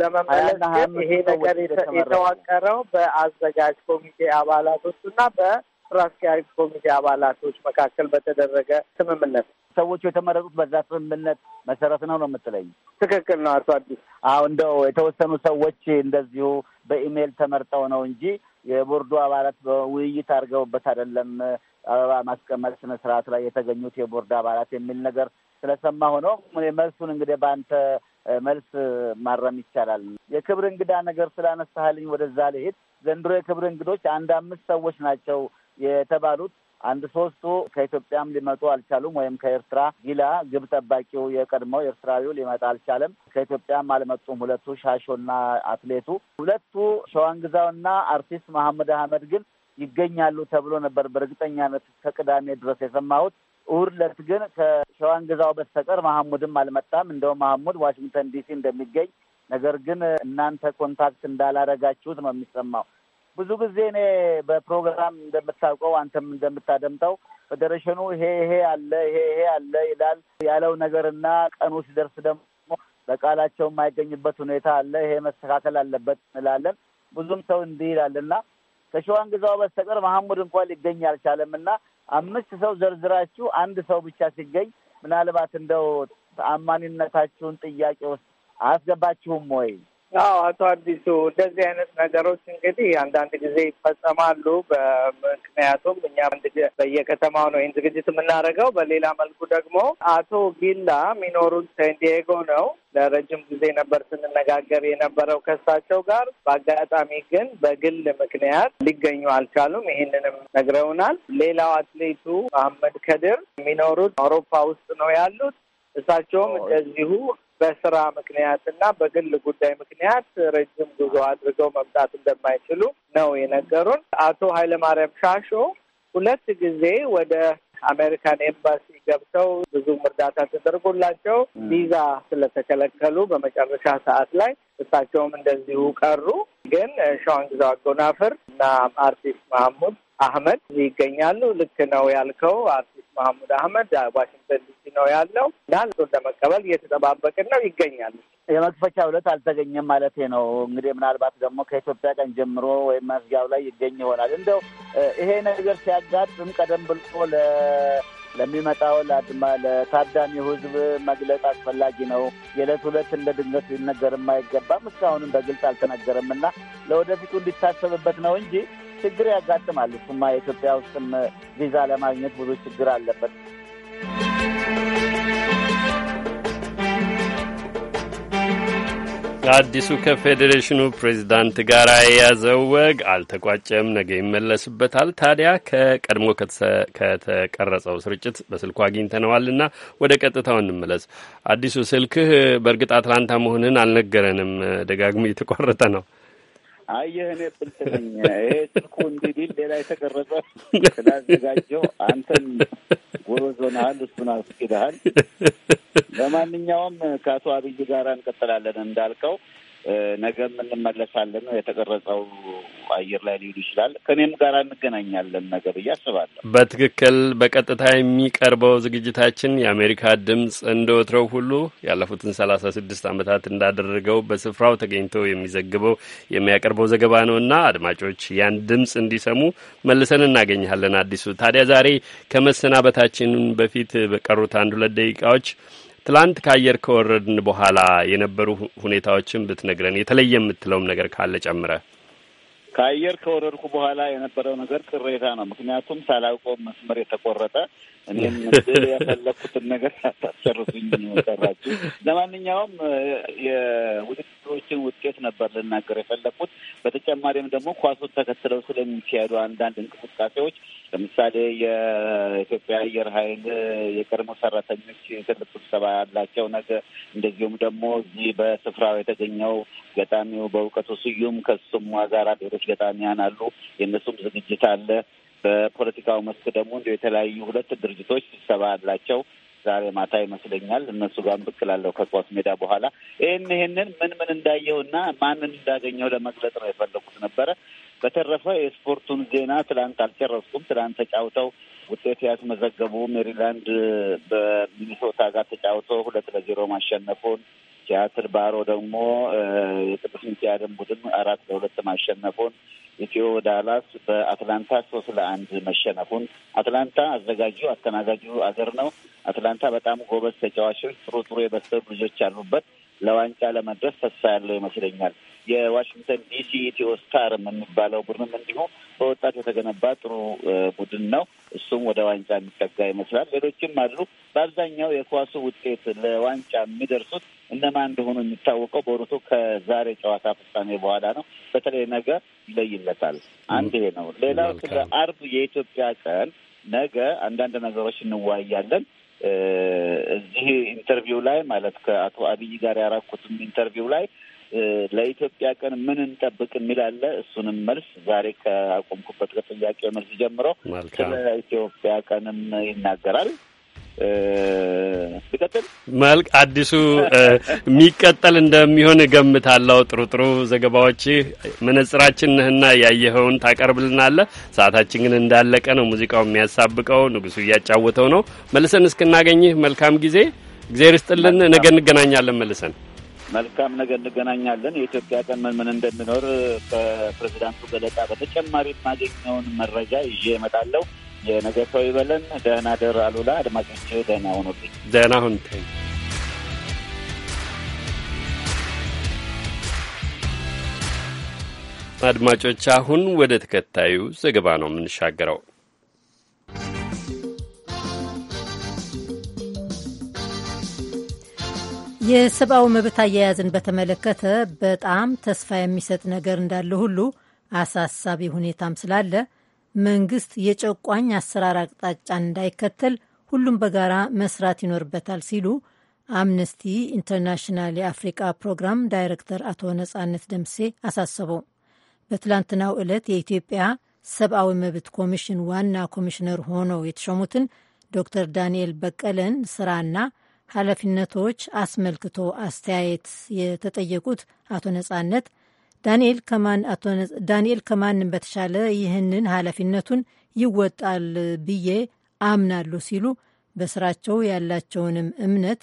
ለመመለስ ይሄ ነገር የተዋቀረው በአዘጋጅ ኮሚቴ አባላቶች እና በስራ አስኪያጅ ኮሚቴ አባላቶች መካከል በተደረገ ስምምነት ሰዎቹ የተመረጡት በዛ ስምምነት መሰረት ነው ነው የምትለኝ? ትክክል ነው አቶ አዲስ። አዎ እንደው የተወሰኑ ሰዎች እንደዚሁ በኢሜይል ተመርጠው ነው እንጂ የቦርዱ አባላት በውይይት አድርገውበት አይደለም አበባ ማስቀመጥ ስነ ስርዓት ላይ የተገኙት የቦርድ አባላት የሚል ነገር ስለሰማ ሆኖ መልሱን እንግዲህ በአንተ መልስ ማረም ይቻላል። የክብር እንግዳ ነገር ስላነሳህልኝ ወደዛ ልሄድ። ዘንድሮ የክብር እንግዶች አንድ አምስት ሰዎች ናቸው የተባሉት። አንድ ሶስቱ ከኢትዮጵያም ሊመጡ አልቻሉም። ወይም ከኤርትራ ጊላ ግብ ጠባቂው የቀድሞው ኤርትራዊው ሊመጣ አልቻለም። ከኢትዮጵያም አልመጡም። ሁለቱ ሻሾና አትሌቱ፣ ሁለቱ ሸዋንግዛውና አርቲስት መሐመድ አህመድ ግን ይገኛሉ ተብሎ ነበር በእርግጠኛነት ከቅዳሜ ድረስ የሰማሁት። እሑድ ዕለት ግን ከሸዋንግዛው በስተቀር መሐሙድም አልመጣም። እንደውም መሐሙድ ዋሽንግተን ዲሲ እንደሚገኝ ነገር ግን እናንተ ኮንታክት እንዳላረጋችሁት ነው የሚሰማው። ብዙ ጊዜ እኔ በፕሮግራም እንደምታውቀው አንተም እንደምታደምጠው ፌዴሬሽኑ ይሄ ይሄ አለ ይሄ ይሄ አለ ይላል ያለው ነገርና ቀኑ ሲደርስ ደግሞ በቃላቸው የማይገኝበት ሁኔታ አለ። ይሄ መስተካከል አለበት እንላለን። ብዙም ሰው እንዲህ ይላል እና ግዛው በስተቀር መሐሙድ እንኳን ሊገኝ አልቻለም እና አምስት ሰው ዘርዝራችሁ አንድ ሰው ብቻ ሲገኝ ምናልባት እንደው ተአማኒነታችሁን ጥያቄ ውስጥ አያስገባችሁም ወይ? አዎ አቶ አዲሱ እንደዚህ አይነት ነገሮች እንግዲህ አንዳንድ ጊዜ ይፈጸማሉ። በምክንያቱም እኛ በየከተማው ነው ይህን ዝግጅት የምናደርገው። በሌላ መልኩ ደግሞ አቶ ጊላ የሚኖሩት ሳንዲያጎ ነው። ለረጅም ጊዜ ነበር ስንነጋገር የነበረው ከእሳቸው ጋር። በአጋጣሚ ግን በግል ምክንያት ሊገኙ አልቻሉም። ይህንንም ነግረውናል። ሌላው አትሌቱ መሐመድ ከድር የሚኖሩት አውሮፓ ውስጥ ነው ያሉት። እሳቸውም እንደዚሁ በስራ ምክንያት እና በግል ጉዳይ ምክንያት ረጅም ጉዞ አድርገው መምጣት እንደማይችሉ ነው የነገሩን። አቶ ኃይለማርያም ሻሾ ሁለት ጊዜ ወደ አሜሪካን ኤምባሲ ገብተው ብዙም እርዳታ ተደርጎላቸው ቪዛ ስለተከለከሉ በመጨረሻ ሰዓት ላይ እሳቸውም እንደዚሁ ቀሩ። ግን ሸዋንግዛው አጎናፍር እና አርቲስት መሐሙድ አህመድ ይገኛሉ። ልክ ነው ያልከው። አርቲስት መሐሙድ አህመድ ዋሽንግተን ዲሲ ነው ያለው እና እሱን ለመቀበል እየተጠባበቅን ነው ይገኛሉ። የመክፈቻ ዕለት አልተገኘም ማለት ነው። እንግዲህ ምናልባት ደግሞ ከኢትዮጵያ ቀን ጀምሮ ወይም መዝጊያው ላይ ይገኝ ይሆናል። እንደው ይሄ ነገር ሲያጋጥም ቀደም ብሎ ለሚመጣው ለታዳሚ ሕዝብ መግለጽ አስፈላጊ ነው። የዕለት ሁለት እንደ ድንገት ሊነገርም አይገባም። እስካሁንም በግልጽ አልተነገርም እና ለወደፊቱ እንዲታሰብበት ነው እንጂ ችግር ያጋጥማል። እሱማ ኢትዮጵያ ውስጥም ቪዛ ለማግኘት ብዙ ችግር አለበት። አዲሱ ከፌዴሬሽኑ ፕሬዚዳንት ጋር የያዘው ወግ አልተቋጨም፣ ነገ ይመለስበታል። ታዲያ ከቀድሞ ከተቀረጸው ስርጭት በስልኩ አግኝተነዋልና ወደ ቀጥታው እንመለስ። አዲሱ ስልክህ በእርግጥ አትላንታ መሆንን አልነገረንም። ደጋግሞ እየተቋረጠ ነው። አየህ እኔ ብልጥ ነኝ። ይሄ ስልኩ እንዲዲል ሌላ የተቀረጸ ስላዘጋጀው አንተን ጎበዝ ሆነሃል፣ እሱን አስኪደሃል። ለማንኛውም ከአቶ አብይ ጋር እንቀጥላለን እንዳልከው ነገም እንመለሳለን። የተቀረጸው አየር ላይ ሊውል ይችላል። ከእኔም ጋር እንገናኛለን ነገ ብዬ አስባለሁ። በትክክል በቀጥታ የሚቀርበው ዝግጅታችን የአሜሪካ ድምፅ እንደወትረው ሁሉ ያለፉትን ሰላሳ ስድስት ዓመታት እንዳደረገው በስፍራው ተገኝቶ የሚዘግበው የሚያቀርበው ዘገባ ነው እና አድማጮች ያን ድምፅ እንዲሰሙ መልሰን እናገኛለን። አዲሱ ታዲያ ዛሬ ከመሰናበታችን በፊት በቀሩት አንድ ሁለት ደቂቃዎች ትላንት ከአየር ከወረድን በኋላ የነበሩ ሁኔታዎችን ብትነግረን፣ የተለየ የምትለውም ነገር ካለ ጨምረ። ከአየር ከወረድኩ በኋላ የነበረው ነገር ቅሬታ ነው። ምክንያቱም ሳላውቀው መስመር የተቆረጠ እኔም እንድል የፈለግኩትን ነገር አታስጨርሱኝ ሰራችሁ። ለማንኛውም የውድድሮችን ውጤት ነበር ልናገር የፈለግኩት። በተጨማሪም ደግሞ ኳሱን ተከትለው ስለሚካሄዱ አንዳንድ እንቅስቃሴዎች ለምሳሌ የኢትዮጵያ አየር ኃይል የቀድሞ ሰራተኞች ትልቅ ስብሰባ ያላቸው ነገ፣ እንደዚሁም ደግሞ እዚህ በስፍራው የተገኘው ገጣሚው በእውቀቱ ስዩም ከሱም ጋራ ሌሎች ገጣሚያን አሉ። የእነሱም ዝግጅት አለ። በፖለቲካው መስክ ደግሞ እንዲ የተለያዩ ሁለት ድርጅቶች ስብሰባ አላቸው። ዛሬ ማታ ይመስለኛል እነሱ ጋር ብክላለሁ ከኳስ ሜዳ በኋላ ይህን ይህንን ምን ምን እንዳየውና ማንን እንዳገኘው ለመግለጽ ነው የፈለጉት ነበረ። በተረፈ የስፖርቱን ዜና ትላንት አልጨረስኩም። ትላንት ተጫውተው ውጤት ያስመዘገቡ ሜሪላንድ በሚኒሶታ ጋር ተጫውተው ሁለት ለዜሮ ማሸነፉን ሲያትል ባሮ ደግሞ የቅዱስ ሚካኤልን ቡድን አራት ለሁለት ማሸነፉን ኢትዮ ዳላስ በአትላንታ ሶስት ለአንድ መሸነፉን አትላንታ አዘጋጁ አስተናጋጁ አገር ነው። አትላንታ በጣም ጎበዝ ተጫዋቾች፣ ጥሩ ጥሩ የበሰሉ ልጆች ያሉበት ለዋንጫ ለመድረስ ተስፋ ያለው ይመስለኛል። የዋሽንግተን ዲሲ ኢትዮ ስታር የሚባለው ቡድንም እንዲሁ በወጣት የተገነባ ጥሩ ቡድን ነው። እሱም ወደ ዋንጫ የሚጠጋ ይመስላል። ሌሎችም አሉ። በአብዛኛው የኳሱ ውጤት ለዋንጫ የሚደርሱት እነማን እንደሆኑ የሚታወቀው በእውነቱ ከዛሬ ጨዋታ ፍጻሜ በኋላ ነው። በተለይ ነገ ይለይለታል። አንድ ይሄ ነው። ሌላው ስለ አርብ የኢትዮጵያ ቀን ነገ አንዳንድ ነገሮች እንዋያለን። እዚህ ኢንተርቪው ላይ ማለት ከአቶ አብይ ጋር ያራኩትም ኢንተርቪው ላይ ለኢትዮጵያ ቀን ምን እንጠብቅ የሚል አለ። እሱንም መልስ ዛሬ ከአቆምኩበት ከጥያቄ መልስ ጀምሮ ስለ ኢትዮጵያ ቀንም ይናገራል። መልክ አዲሱ የሚቀጠል እንደሚሆን እገምታለሁ። ጥሩ ጥሩ ዘገባዎች መነጽራችን ነህና ያየኸውን ታቀርብልናለህ። ሰዓታችን ግን እንዳለቀ ነው። ሙዚቃው የሚያሳብቀው ንጉሱ እያጫወተው ነው። መልሰን እስክናገኝህ መልካም ጊዜ። እግዚአብሔር ይስጥልን። ነገ እንገናኛለን። መልሰን መልካም ነገ እንገናኛለን። የኢትዮጵያ ቀን ምን ምን እንደሚኖር ከፕሬዚዳንቱ ገለጻ በተጨማሪ የማገኘውን መረጃ ይዤ እመጣለሁ። የነገ ሰው ይበለን። ደህና ደር አሉላ። አድማጮች ደህና ሆኑልኝ። ደህና ሁን። አድማጮች አሁን ወደ ተከታዩ ዘገባ ነው የምንሻገረው። የሰብአዊ መብት አያያዝን በተመለከተ በጣም ተስፋ የሚሰጥ ነገር እንዳለ ሁሉ አሳሳቢ ሁኔታም ስላለ መንግስት የጨቋኝ አሰራር አቅጣጫ እንዳይከተል ሁሉም በጋራ መስራት ይኖርበታል ሲሉ አምነስቲ ኢንተርናሽናል የአፍሪቃ ፕሮግራም ዳይሬክተር አቶ ነጻነት ደምሴ አሳሰቡ። በትላንትናው ዕለት የኢትዮጵያ ሰብአዊ መብት ኮሚሽን ዋና ኮሚሽነር ሆነው የተሾሙትን ዶክተር ዳንኤል በቀለን ስራና ኃላፊነቶች አስመልክቶ አስተያየት የተጠየቁት አቶ ነጻነት ዳንኤል ከማንም በተሻለ ይህንን ኃላፊነቱን ይወጣል ብዬ አምናለሁ ሲሉ በስራቸው ያላቸውንም እምነት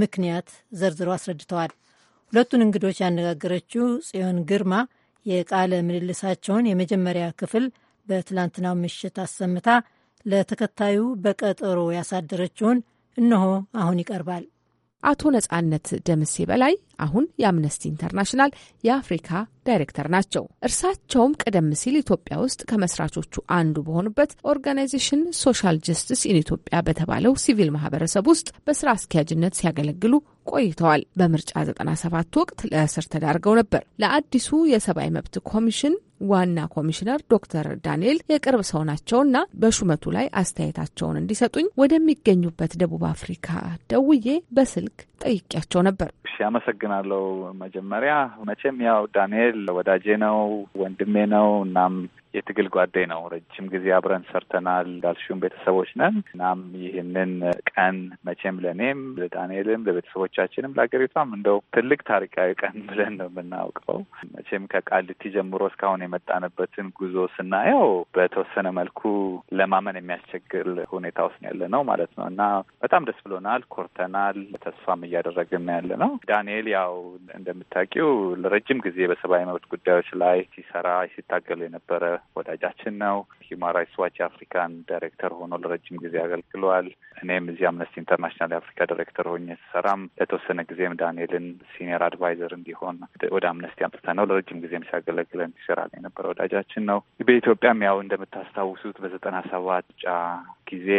ምክንያት ዘርዝረው አስረድተዋል። ሁለቱን እንግዶች ያነጋገረችው ጽዮን ግርማ የቃለ ምልልሳቸውን የመጀመሪያ ክፍል በትላንትናው ምሽት አሰምታ ለተከታዩ በቀጠሮ ያሳደረችውን እነሆ አሁን ይቀርባል። አቶ ነጻነት ደምሴ በላይ አሁን የአምነስቲ ኢንተርናሽናል የአፍሪካ ዳይሬክተር ናቸው። እርሳቸውም ቀደም ሲል ኢትዮጵያ ውስጥ ከመስራቾቹ አንዱ በሆኑበት ኦርጋናይዜሽን ሶሻል ጀስቲስ ኢን ኢትዮጵያ በተባለው ሲቪል ማህበረሰብ ውስጥ በስራ አስኪያጅነት ሲያገለግሉ ቆይተዋል። በምርጫ 97 ወቅት ለእስር ተዳርገው ነበር። ለአዲሱ የሰብአዊ መብት ኮሚሽን ዋና ኮሚሽነር ዶክተር ዳንኤል የቅርብ ሰው ናቸውና በሹመቱ ላይ አስተያየታቸውን እንዲሰጡኝ ወደሚገኙበት ደቡብ አፍሪካ ደውዬ በስልክ ጠይቄያቸው ነበር። እሺ፣ አመሰግናለሁ። መጀመሪያ መቼም ያው ዳንኤል ወዳጄ ነው፣ ወንድሜ ነው። እናም የትግል ጓደኝ ነው። ረጅም ጊዜ አብረን ሰርተናል። እንዳልሽውም ቤተሰቦች ነን። እናም ይህንን ቀን መቼም ለእኔም፣ ለዳንኤልም፣ ለቤተሰቦቻችንም ለአገሪቷም እንደው ትልቅ ታሪካዊ ቀን [LAUGHS] ብለን ነው የምናውቀው። መቼም ከቃሊቲ ጀምሮ እስካሁን የመጣንበትን ጉዞ ስናየው በተወሰነ መልኩ ለማመን የሚያስቸግር ሁኔታ ውስጥ ያለ ነው ማለት ነው እና በጣም ደስ ብሎናል፣ ኮርተናል፣ ተስፋም እያደረግን ያለ ነው። ዳንኤል ያው እንደምታውቂው ለረጅም ጊዜ በሰብአዊ መብት ጉዳዮች ላይ ሲሰራ ሲታገሉ የነበረ what I touching now ሂውማን ራይትስ ዋች ዳይሬክተር ሆኖ ለረጅም ጊዜ አገልግሏል። እኔም እዚህ አምነስቲ ኢንተርናሽናል የአፍሪካ ዳይሬክተር ሆኜ ስሰራም ለተወሰነ ጊዜም ዳንኤልን ሲኒየር አድቫይዘር እንዲሆን ወደ አምነስቲ አምጥተን ነው ለረጅም ጊዜም ሲያገለግለን ሲሰራ የነበረ ወዳጃችን ነው። በኢትዮጵያም ያው እንደምታስታውሱት በዘጠና ሰባት ጫ ጊዜ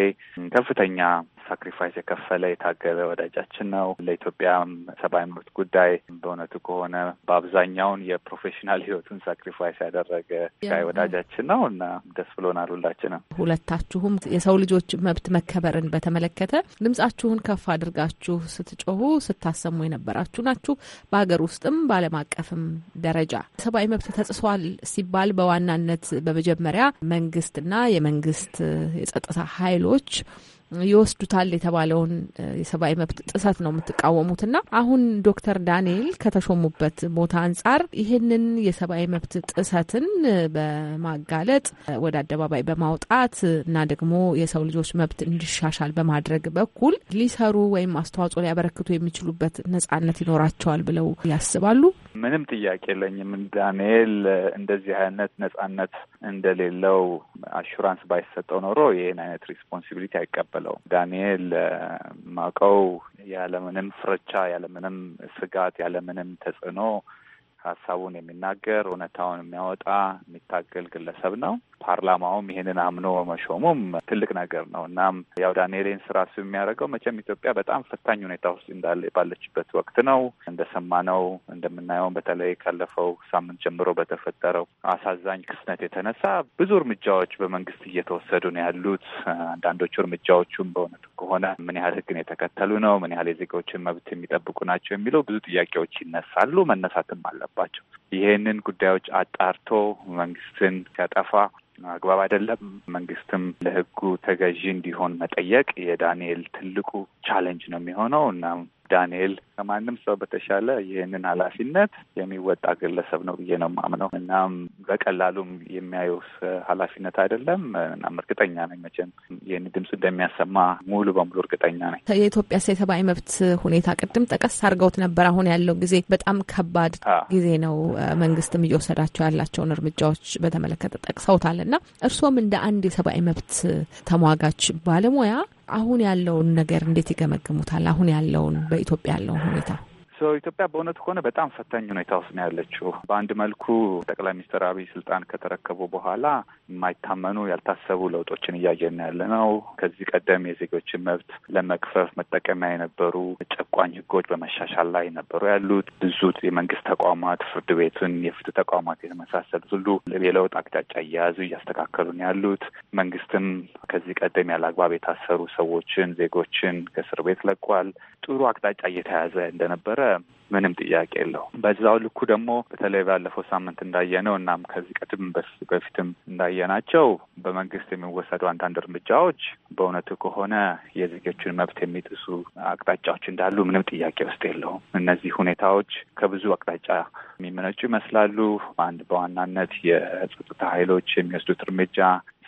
ከፍተኛ ሳክሪፋይስ የከፈለ የታገለ ወዳጃችን ነው። ለኢትዮጵያም ሰብአዊ መብት ጉዳይ በእውነቱ ከሆነ በአብዛኛውን የፕሮፌሽናል ህይወቱን ሳክሪፋይስ ያደረገ ወዳጃችን ነው እና ደስ ብሎናል። ሁላችንም ሁለታችሁም የሰው ልጆች መብት መከበርን በተመለከተ ድምጻችሁን ከፍ አድርጋችሁ ስትጮሁ ስታሰሙ የነበራችሁ ናችሁ። በሀገር ውስጥም በዓለም አቀፍም ደረጃ ሰብአዊ መብት ተጥሷል ሲባል በዋናነት በመጀመሪያ መንግስትና የመንግስት የጸጥታ ኃይሎች ይወስዱታል የተባለውን የሰብአዊ መብት ጥሰት ነው የምትቃወሙትና አሁን ዶክተር ዳንኤል ከተሾሙበት ቦታ አንጻር ይህንን የሰብአዊ መብት ጥሰትን በማጋለጥ ወደ አደባባይ በማውጣት እና ደግሞ የሰው ልጆች መብት እንዲሻሻል በማድረግ በኩል ሊሰሩ ወይም አስተዋጽኦ ሊያበረክቱ የሚችሉበት ነጻነት ይኖራቸዋል ብለው ያስባሉ? ምንም ጥያቄ የለኝም። ዳንኤል እንደዚህ አይነት ነጻነት እንደሌለው አሹራንስ ባይሰጠው ኖሮ ይህን አይነት ሪስፖንሲቢሊቲ አይቀበለውም። ዳንኤል ማቀው ያለምንም ፍረቻ፣ ያለምንም ስጋት፣ ያለምንም ተጽዕኖ ሀሳቡን የሚናገር እውነታውን የሚያወጣ የሚታገል ግለሰብ ነው። ፓርላማውም ይሄንን አምኖ መሾሙም ትልቅ ነገር ነው። እናም ያው ዳንኤሌን ስራ ስብ የሚያደርገው መቼም ኢትዮጵያ በጣም ፈታኝ ሁኔታ ውስጥ እንዳለ ባለችበት ወቅት ነው። እንደሰማነው እንደምናየውም በተለይ ካለፈው ሳምንት ጀምሮ በተፈጠረው አሳዛኝ ክስነት የተነሳ ብዙ እርምጃዎች በመንግስት እየተወሰዱ ነው ያሉት። አንዳንዶቹ እርምጃዎቹም በእውነቱ ከሆነ ምን ያህል ህግን የተከተሉ ነው፣ ምን ያህል የዜጋዎችን መብት የሚጠብቁ ናቸው የሚለው ብዙ ጥያቄዎች ይነሳሉ፣ መነሳትም አለባቸው። ይሄንን ጉዳዮች አጣርቶ መንግስትን ሲያጠፋ አግባብ አይደለም። መንግስትም ለህጉ ተገዢ እንዲሆን መጠየቅ የዳንኤል ትልቁ ቻሌንጅ ነው የሚሆነው እና ዳንኤል ከማንም ሰው በተሻለ ይህንን ኃላፊነት የሚወጣ ግለሰብ ነው ብዬ ነው የማምነው። እናም በቀላሉም የሚያየው ኃላፊነት አይደለም። እናም እርግጠኛ ነኝ መቼም ይህን ድምፅ እንደሚያሰማ ሙሉ በሙሉ እርግጠኛ ነኝ። የኢትዮጵያ የሰብአዊ መብት ሁኔታ ቅድም ጠቀስ አድርገውት ነበር። አሁን ያለው ጊዜ በጣም ከባድ ጊዜ ነው። መንግስትም እየወሰዳቸው ያላቸውን እርምጃዎች በተመለከተ ጠቅሰውታል እና እርስዎም እንደ አንድ የሰብአዊ መብት ተሟጋች ባለሙያ አሁን ያለውን ነገር እንዴት ይገመግሙታል? አሁን ያለውን በኢትዮጵያ ያለውን ሁኔታ ሰው ኢትዮጵያ በእውነቱ ከሆነ በጣም ፈታኝ ሁኔታ ውስጥ ነው ያለችው። በአንድ መልኩ ጠቅላይ ሚኒስትር አብይ ስልጣን ከተረከቡ በኋላ የማይታመኑ ያልታሰቡ ለውጦችን እያየን ያለ ነው። ከዚህ ቀደም የዜጎችን መብት ለመክፈፍ መጠቀሚያ የነበሩ ጨቋኝ ህጎች በመሻሻል ላይ ነበሩ ያሉት ብዙ የመንግስት ተቋማት ፍርድ ቤቱን፣ የፍትህ ተቋማት የተመሳሰሉት ሁሉ የለውጥ አቅጣጫ እየያዙ እያስተካከሉ ነው ያሉት። መንግስትም ከዚህ ቀደም ያለ አግባብ የታሰሩ ሰዎችን ዜጎችን ከእስር ቤት ለቋል። ጥሩ አቅጣጫ እየተያዘ እንደነበረ ምንም ጥያቄ የለው። በዛው ልኩ ደግሞ በተለይ ባለፈው ሳምንት እንዳየነው እናም ከዚህ ቀድም በፊትም እንዳየናቸው በመንግስት የሚወሰዱ አንዳንድ እርምጃዎች በእውነቱ ከሆነ የዜጎችን መብት የሚጥሱ አቅጣጫዎች እንዳሉ ምንም ጥያቄ ውስጥ የለውም። እነዚህ ሁኔታዎች ከብዙ አቅጣጫ የሚመነጩ ይመስላሉ። አንድ በዋናነት የጸጥታ ኃይሎች የሚወስዱት እርምጃ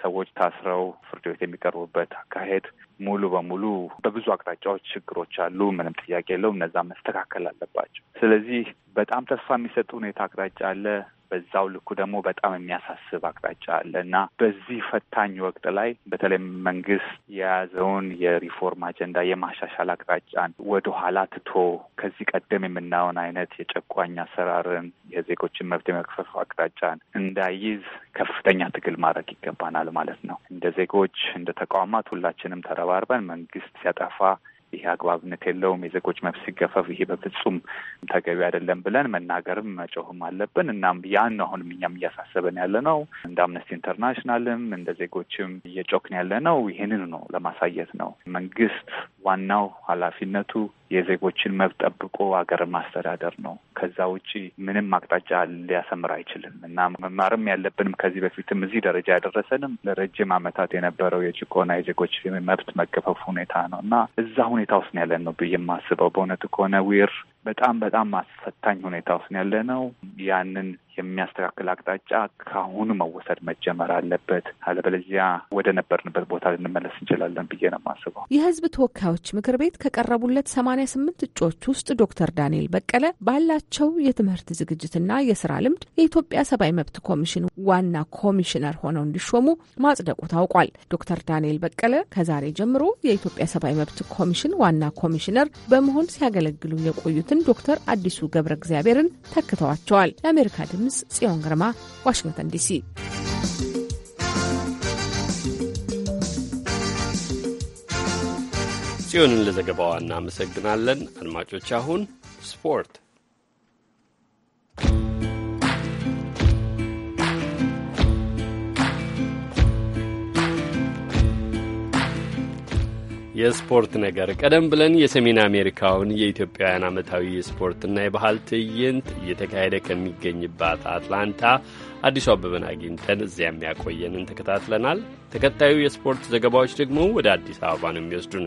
ሰዎች ታስረው ፍርድ ቤት የሚቀርቡበት አካሄድ ሙሉ በሙሉ በብዙ አቅጣጫዎች ችግሮች አሉ። ምንም ጥያቄ የለውም። እነዛ መስተካከል አለባቸው። ስለዚህ በጣም ተስፋ የሚሰጥ ሁኔታ አቅጣጫ አለ። በዛው ልኩ ደግሞ በጣም የሚያሳስብ አቅጣጫ አለ እና በዚህ ፈታኝ ወቅት ላይ በተለይ መንግስት የያዘውን የሪፎርም አጀንዳ የማሻሻል አቅጣጫን ወደ ኋላ ትቶ ከዚህ ቀደም የምናየውን አይነት የጨቋኝ አሰራርን የዜጎችን መብት የመክፈፍ አቅጣጫን እንዳይዝ ከፍተኛ ትግል ማድረግ ይገባናል ማለት ነው። እንደ ዜጎች፣ እንደ ተቋማት ሁላችንም ተረባርበን መንግስት ሲያጠፋ ይሄ አግባብነት የለውም፣ የዜጎች መብት ሲገፈፍ ይሄ በፍጹም ተገቢ አይደለም ብለን መናገርም መጮህም አለብን። እናም ያን አሁንም እኛም እያሳሰበን ያለ ነው። እንደ አምነስቲ ኢንተርናሽናልም እንደ ዜጎችም እየጮክን ያለ ነው። ይህንን ነው ለማሳየት ነው መንግስት ዋናው ኃላፊነቱ የዜጎችን መብት ጠብቆ ሀገር ማስተዳደር ነው። ከዛ ውጪ ምንም አቅጣጫ ሊያሰምር አይችልም እና መማርም ያለብንም ከዚህ በፊትም እዚህ ደረጃ ያደረሰንም ለረጅም ዓመታት የነበረው የጭቆና የዜጎች መብት መገፈፍ ሁኔታ ነው እና እዛ ሁኔታ ውስጥ ያለን ነው ብዬ የማስበው በእውነቱ ከሆነ ዊር በጣም በጣም አስፈታኝ ሁኔታ ውስጥ ያለ ነው። ያንን የሚያስተካክል አቅጣጫ ከአሁኑ መወሰድ መጀመር አለበት። አለበለዚያ ወደ ነበርንበት ቦታ ልንመለስ እንችላለን ብዬ ነው የማስበው። የህዝብ ተወካዮች ምክር ቤት ከቀረቡለት ሰማንያ ስምንት እጩዎች ውስጥ ዶክተር ዳንኤል በቀለ ባላቸው የትምህርት ዝግጅትና የስራ ልምድ የኢትዮጵያ ሰብአዊ መብት ኮሚሽን ዋና ኮሚሽነር ሆነው እንዲሾሙ ማጽደቁ ታውቋል። ዶክተር ዳንኤል በቀለ ከዛሬ ጀምሮ የኢትዮጵያ ሰብአዊ መብት ኮሚሽን ዋና ኮሚሽነር በመሆን ሲያገለግሉ የቆዩትን ፕሬዝዳንትን ዶክተር አዲሱ ገብረ እግዚአብሔርን ተክተዋቸዋል። ለአሜሪካ ድምፅ ጽዮን ግርማ ዋሽንግተን ዲሲ። ጽዮንን ለዘገባዋ እናመሰግናለን። አድማጮች አሁን ስፖርት የስፖርት ነገር ቀደም ብለን የሰሜን አሜሪካውን የኢትዮጵያውያን ዓመታዊ የስፖርትና የባህል ትዕይንት እየተካሄደ ከሚገኝባት አትላንታ አዲሱ አበበን አግኝተን እዚያ የሚያቆየንን ተከታትለናል። ተከታዩ የስፖርት ዘገባዎች ደግሞ ወደ አዲስ አበባ ነው የሚወስዱን።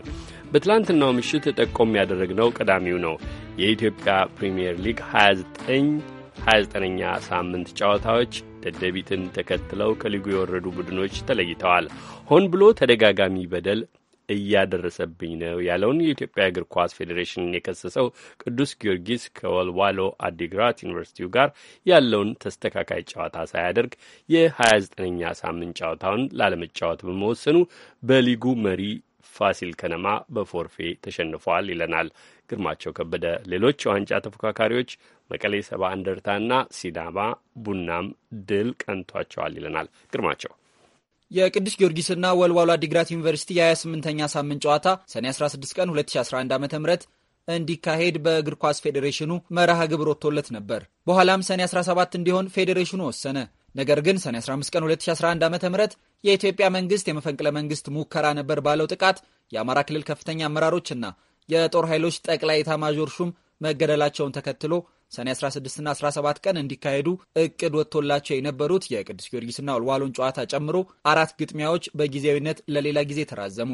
በትላንትናው ምሽት ጠቆም ያደረግነው ቀዳሚው ነው። የኢትዮጵያ ፕሪምየር ሊግ 29 29ኛ ሳምንት ጨዋታዎች ደደቢትን ተከትለው ከሊጉ የወረዱ ቡድኖች ተለይተዋል። ሆን ብሎ ተደጋጋሚ በደል እያደረሰብኝ ነው ያለውን የኢትዮጵያ እግር ኳስ ፌዴሬሽንን የከሰሰው ቅዱስ ጊዮርጊስ ከወልዋሎ አዲግራት ዩኒቨርሲቲው ጋር ያለውን ተስተካካይ ጨዋታ ሳያደርግ የ29ኛ ሳምንት ጨዋታውን ላለመጫወት በመወሰኑ በሊጉ መሪ ፋሲል ከነማ በፎርፌ ተሸንፏል ይለናል ግርማቸው ከበደ። ሌሎች የዋንጫ ተፎካካሪዎች መቀሌ ሰባ እንደርታና ሲዳማ ቡናም ድል ቀንቷቸዋል ይለናል ግርማቸው። የቅዱስ ጊዮርጊስና ወልዋሎ አዲግራት ዩኒቨርሲቲ የ28ኛ ሳምንት ጨዋታ ሰኔ 16 ቀን 2011 ዓ ም እንዲካሄድ በእግር ኳስ ፌዴሬሽኑ መርሃ ግብር ወጥቶለት ነበር። በኋላም ሰኔ 17 እንዲሆን ፌዴሬሽኑ ወሰነ። ነገር ግን ሰኔ 15 ቀን 2011 ዓ ም የኢትዮጵያ መንግስት የመፈንቅለ መንግስት ሙከራ ነበር ባለው ጥቃት የአማራ ክልል ከፍተኛ አመራሮችና የጦር ኃይሎች ጠቅላይ ኤታማዦር ሹም መገደላቸውን ተከትሎ ሰኔ 16ና 17 ቀን እንዲካሄዱ እቅድ ወጥቶላቸው የነበሩት የቅዱስ ጊዮርጊስና ወልዋሎን ጨዋታ ጨምሮ አራት ግጥሚያዎች በጊዜያዊነት ለሌላ ጊዜ ተራዘሙ።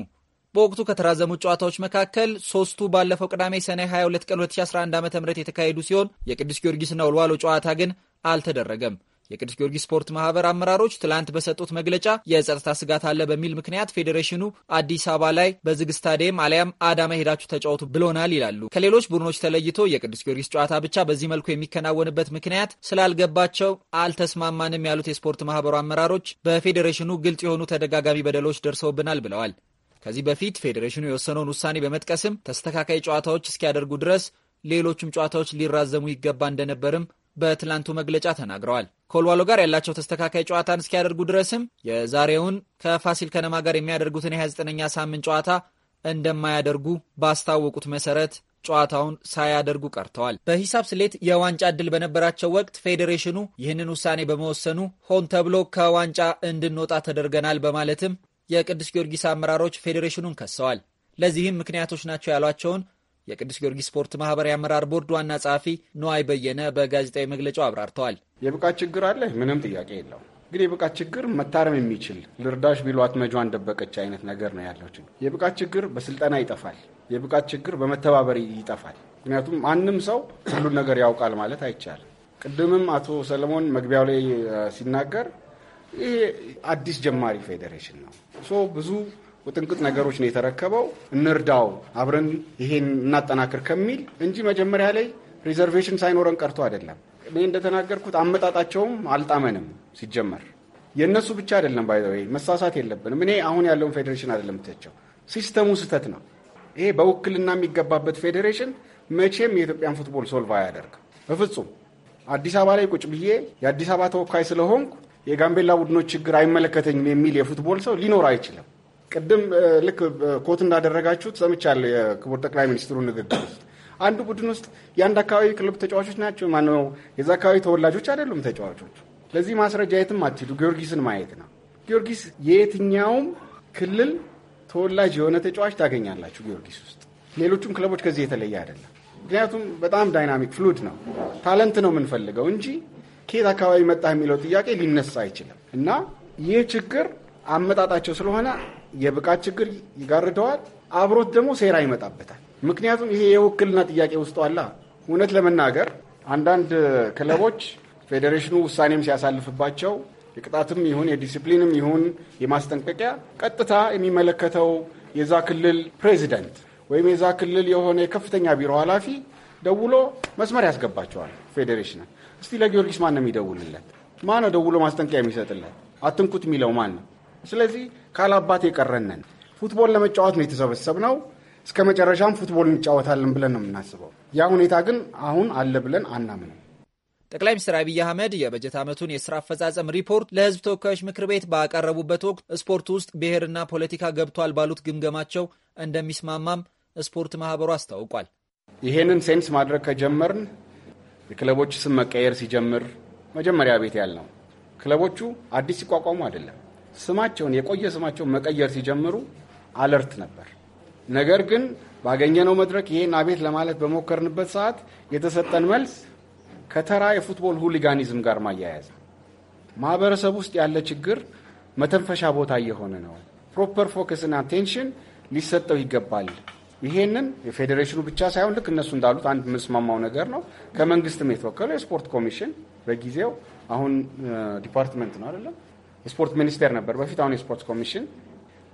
በወቅቱ ከተራዘሙት ጨዋታዎች መካከል ሶስቱ ባለፈው ቅዳሜ ሰኔ 22 ቀን 2011 ዓ ም የተካሄዱ ሲሆን የቅዱስ ጊዮርጊስና ወልዋሎ ጨዋታ ግን አልተደረገም። የቅዱስ ጊዮርጊስ ስፖርት ማህበር አመራሮች ትላንት በሰጡት መግለጫ የጸጥታ ስጋት አለ በሚል ምክንያት ፌዴሬሽኑ አዲስ አበባ ላይ በዝግ ስታዲየም አሊያም አዳማ ሄዳችሁ ተጫወቱ ብሎናል ይላሉ። ከሌሎች ቡድኖች ተለይቶ የቅዱስ ጊዮርጊስ ጨዋታ ብቻ በዚህ መልኩ የሚከናወንበት ምክንያት ስላልገባቸው አልተስማማንም ያሉት የስፖርት ማህበሩ አመራሮች በፌዴሬሽኑ ግልጽ የሆኑ ተደጋጋሚ በደሎች ደርሰውብናል ብለዋል። ከዚህ በፊት ፌዴሬሽኑ የወሰነውን ውሳኔ በመጥቀስም ተስተካካይ ጨዋታዎች እስኪያደርጉ ድረስ ሌሎችም ጨዋታዎች ሊራዘሙ ይገባ እንደነበርም በትላንቱ መግለጫ ተናግረዋል። ከወልዋሎ ጋር ያላቸው ተስተካካይ ጨዋታን እስኪያደርጉ ድረስም የዛሬውን ከፋሲል ከነማ ጋር የሚያደርጉትን የ29ኛ ሳምንት ጨዋታ እንደማያደርጉ ባስታወቁት መሰረት ጨዋታውን ሳያደርጉ ቀርተዋል። በሂሳብ ስሌት የዋንጫ እድል በነበራቸው ወቅት ፌዴሬሽኑ ይህንን ውሳኔ በመወሰኑ ሆን ተብሎ ከዋንጫ እንድንወጣ ተደርገናል በማለትም የቅዱስ ጊዮርጊስ አመራሮች ፌዴሬሽኑን ከሰዋል። ለዚህም ምክንያቶች ናቸው ያሏቸውን የቅዱስ ጊዮርጊስ ስፖርት ማህበር የአመራር ቦርድ ዋና ጸሐፊ ነዋይ በየነ በጋዜጣዊ መግለጫው አብራርተዋል። የብቃት ችግር አለ፣ ምንም ጥያቄ የለው። ግን የብቃት ችግር መታረም የሚችል ልርዳሽ ቢሏት መጇን ደበቀች አይነት ነገር ነው ያለው። የብቃት ችግር በስልጠና ይጠፋል። የብቃት ችግር በመተባበር ይጠፋል። ምክንያቱም ማንም ሰው ሁሉን ነገር ያውቃል ማለት አይቻልም። ቅድምም አቶ ሰለሞን መግቢያው ላይ ሲናገር ይሄ አዲስ ጀማሪ ፌዴሬሽን ነው። ሶ ብዙ ውጥንቅጥ ነገሮች ነው የተረከበው። እንርዳው፣ አብረን ይሄን እናጠናክር ከሚል እንጂ መጀመሪያ ላይ ሪዘርቬሽን ሳይኖረን ቀርቶ አይደለም። እኔ እንደተናገርኩት አመጣጣቸውም አልጣመንም። ሲጀመር የእነሱ ብቻ አይደለም፣ ባይ መሳሳት የለብንም። እኔ አሁን ያለውን ፌዴሬሽን አይደለም ትቸው፣ ሲስተሙ ስህተት ነው። ይሄ በውክልና የሚገባበት ፌዴሬሽን መቼም የኢትዮጵያን ፉትቦል ሶልቭ አያደርግም በፍጹም። አዲስ አበባ ላይ ቁጭ ብዬ የአዲስ አበባ ተወካይ ስለሆንኩ የጋምቤላ ቡድኖች ችግር አይመለከተኝም የሚል የፉትቦል ሰው ሊኖር አይችልም። ቅድም ልክ ኮት እንዳደረጋችሁት ሰምቻለሁ የክቡር ጠቅላይ ሚኒስትሩ ንግግር ውስጥ አንዱ ቡድን ውስጥ የአንድ አካባቢ ክለብ ተጫዋቾች ናቸው። ማነው የዛ አካባቢ ተወላጆች አይደሉም ተጫዋቾች። ለዚህ ማስረጃ የትም አትሄዱ፣ ጊዮርጊስን ማየት ነው። ጊዮርጊስ የየትኛውም ክልል ተወላጅ የሆነ ተጫዋች ታገኛላችሁ ጊዮርጊስ ውስጥ። ሌሎቹም ክለቦች ከዚህ የተለየ አይደለም። ምክንያቱም በጣም ዳይናሚክ ፍሉድ ነው። ታለንት ነው የምንፈልገው እንጂ ከየት አካባቢ መጣ የሚለው ጥያቄ ሊነሳ አይችልም። እና ይህ ችግር አመጣጣቸው ስለሆነ የብቃት ችግር ይጋርደዋል። አብሮት ደግሞ ሴራ ይመጣበታል። ምክንያቱም ይሄ የውክልና ጥያቄ ውስጥ አላ። እውነት ለመናገር አንዳንድ ክለቦች ፌዴሬሽኑ ውሳኔም ሲያሳልፍባቸው የቅጣትም ይሁን የዲሲፕሊንም ይሁን የማስጠንቀቂያ ቀጥታ የሚመለከተው የዛ ክልል ፕሬዚደንት ወይም የዛ ክልል የሆነ የከፍተኛ ቢሮ ኃላፊ ደውሎ መስመር ያስገባቸዋል። ፌዴሬሽንን እስቲ ለጊዮርጊስ ማን ነው የሚደውልለት? ነው ደውሎ ማስጠንቀቂያ የሚሰጥለት? አትንኩት የሚለው ማን ነው? ስለዚህ ካላባት የቀረንን ፉትቦል ለመጫወት ነው የተሰበሰብነው። እስከ መጨረሻም ፉትቦል እንጫወታለን ብለን ነው የምናስበው። ያ ሁኔታ ግን አሁን አለ ብለን አናምንም። ጠቅላይ ሚኒስትር አብይ አህመድ የበጀት ዓመቱን የስራ አፈጻጸም ሪፖርት ለሕዝብ ተወካዮች ምክር ቤት ባቀረቡበት ወቅት ስፖርት ውስጥ ብሔርና ፖለቲካ ገብቷል ባሉት ግምገማቸው እንደሚስማማም ስፖርት ማህበሩ አስታውቋል። ይሄንን ሴንስ ማድረግ ከጀመርን የክለቦች ስም መቀየር ሲጀምር መጀመሪያ ቤት ያልነው ክለቦቹ አዲስ ሲቋቋሙ አይደለም ስማቸውን የቆየ ስማቸውን መቀየር ሲጀምሩ አለርት ነበር። ነገር ግን ባገኘነው መድረክ ይሄን አቤት ለማለት በሞከርንበት ሰዓት የተሰጠን መልስ ከተራ የፉትቦል ሁሊጋኒዝም ጋር ማያያዝ ማህበረሰብ ውስጥ ያለ ችግር መተንፈሻ ቦታ እየሆነ ነው። ፕሮፐር ፎከስና አቴንሽን ሊሰጠው ይገባል። ይሄንን የፌዴሬሽኑ ብቻ ሳይሆን ልክ እነሱ እንዳሉት አንድ የምንስማማው ነገር ነው። ከመንግስትም የተወከለው የስፖርት ኮሚሽን በጊዜው አሁን ዲፓርትመንት ነው አይደለም የስፖርት ሚኒስቴር ነበር በፊት፣ አሁን የስፖርት ኮሚሽን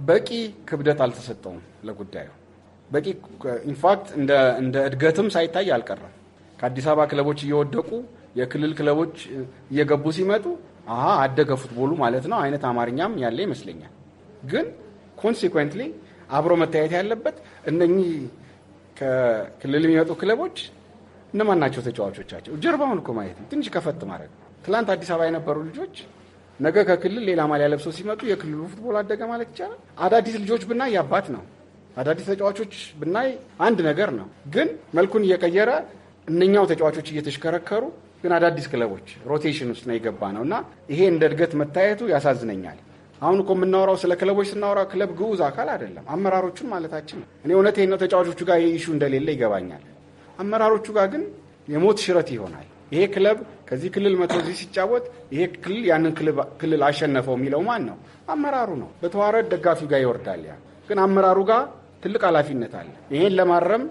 በቂ ክብደት አልተሰጠውም ለጉዳዩ። በቂ ኢንፋክት እንደ እድገትም ሳይታይ አልቀረም። ከአዲስ አበባ ክለቦች እየወደቁ የክልል ክለቦች እየገቡ ሲመጡ አሀ አደገ ፉትቦሉ ማለት ነው አይነት አማርኛም ያለ ይመስለኛል። ግን ኮንሲኩዌንትሊ አብሮ መታየት ያለበት እነኚህ ከክልል የሚመጡ ክለቦች እነማን ናቸው ተጫዋቾቻቸው፣ ጀርባውን እኮ ማየት ነው። ትንሽ ከፈት ማድረግ ትላንት አዲስ አበባ የነበሩ ልጆች ነገ ከክልል ሌላ ማሊያ ለብሰው ሲመጡ የክልሉ ፉትቦል አደገ ማለት ይቻላል። አዳዲስ ልጆች ብናይ ያባት ነው። አዳዲስ ተጫዋቾች ብናይ አንድ ነገር ነው። ግን መልኩን እየቀየረ እነኛው ተጫዋቾች እየተሽከረከሩ ግን አዳዲስ ክለቦች ሮቴሽን ውስጥ ነው የገባ ነው እና ይሄ እንደ እድገት መታየቱ ያሳዝነኛል። አሁን እኮ የምናወራው ስለ ክለቦች ስናወራ ክለብ ግዑዝ አካል አይደለም፣ አመራሮቹን ማለታችን ነው። እኔ እውነቴን ነው፣ ተጫዋቾቹ ጋር የኢሹ እንደሌለ ይገባኛል። አመራሮቹ ጋር ግን የሞት ሽረት ይሆናል። ይሄ ክለብ ከዚህ ክልል መቶ እዚህ ሲጫወት ይሄ ክልል ያንን ክልል አሸነፈው የሚለው ማን ነው? አመራሩ ነው። በተዋረድ ደጋፊው ጋር ይወርዳል። ያ ግን አመራሩ ጋር ትልቅ ኃላፊነት አለ። ይሄን ለማረም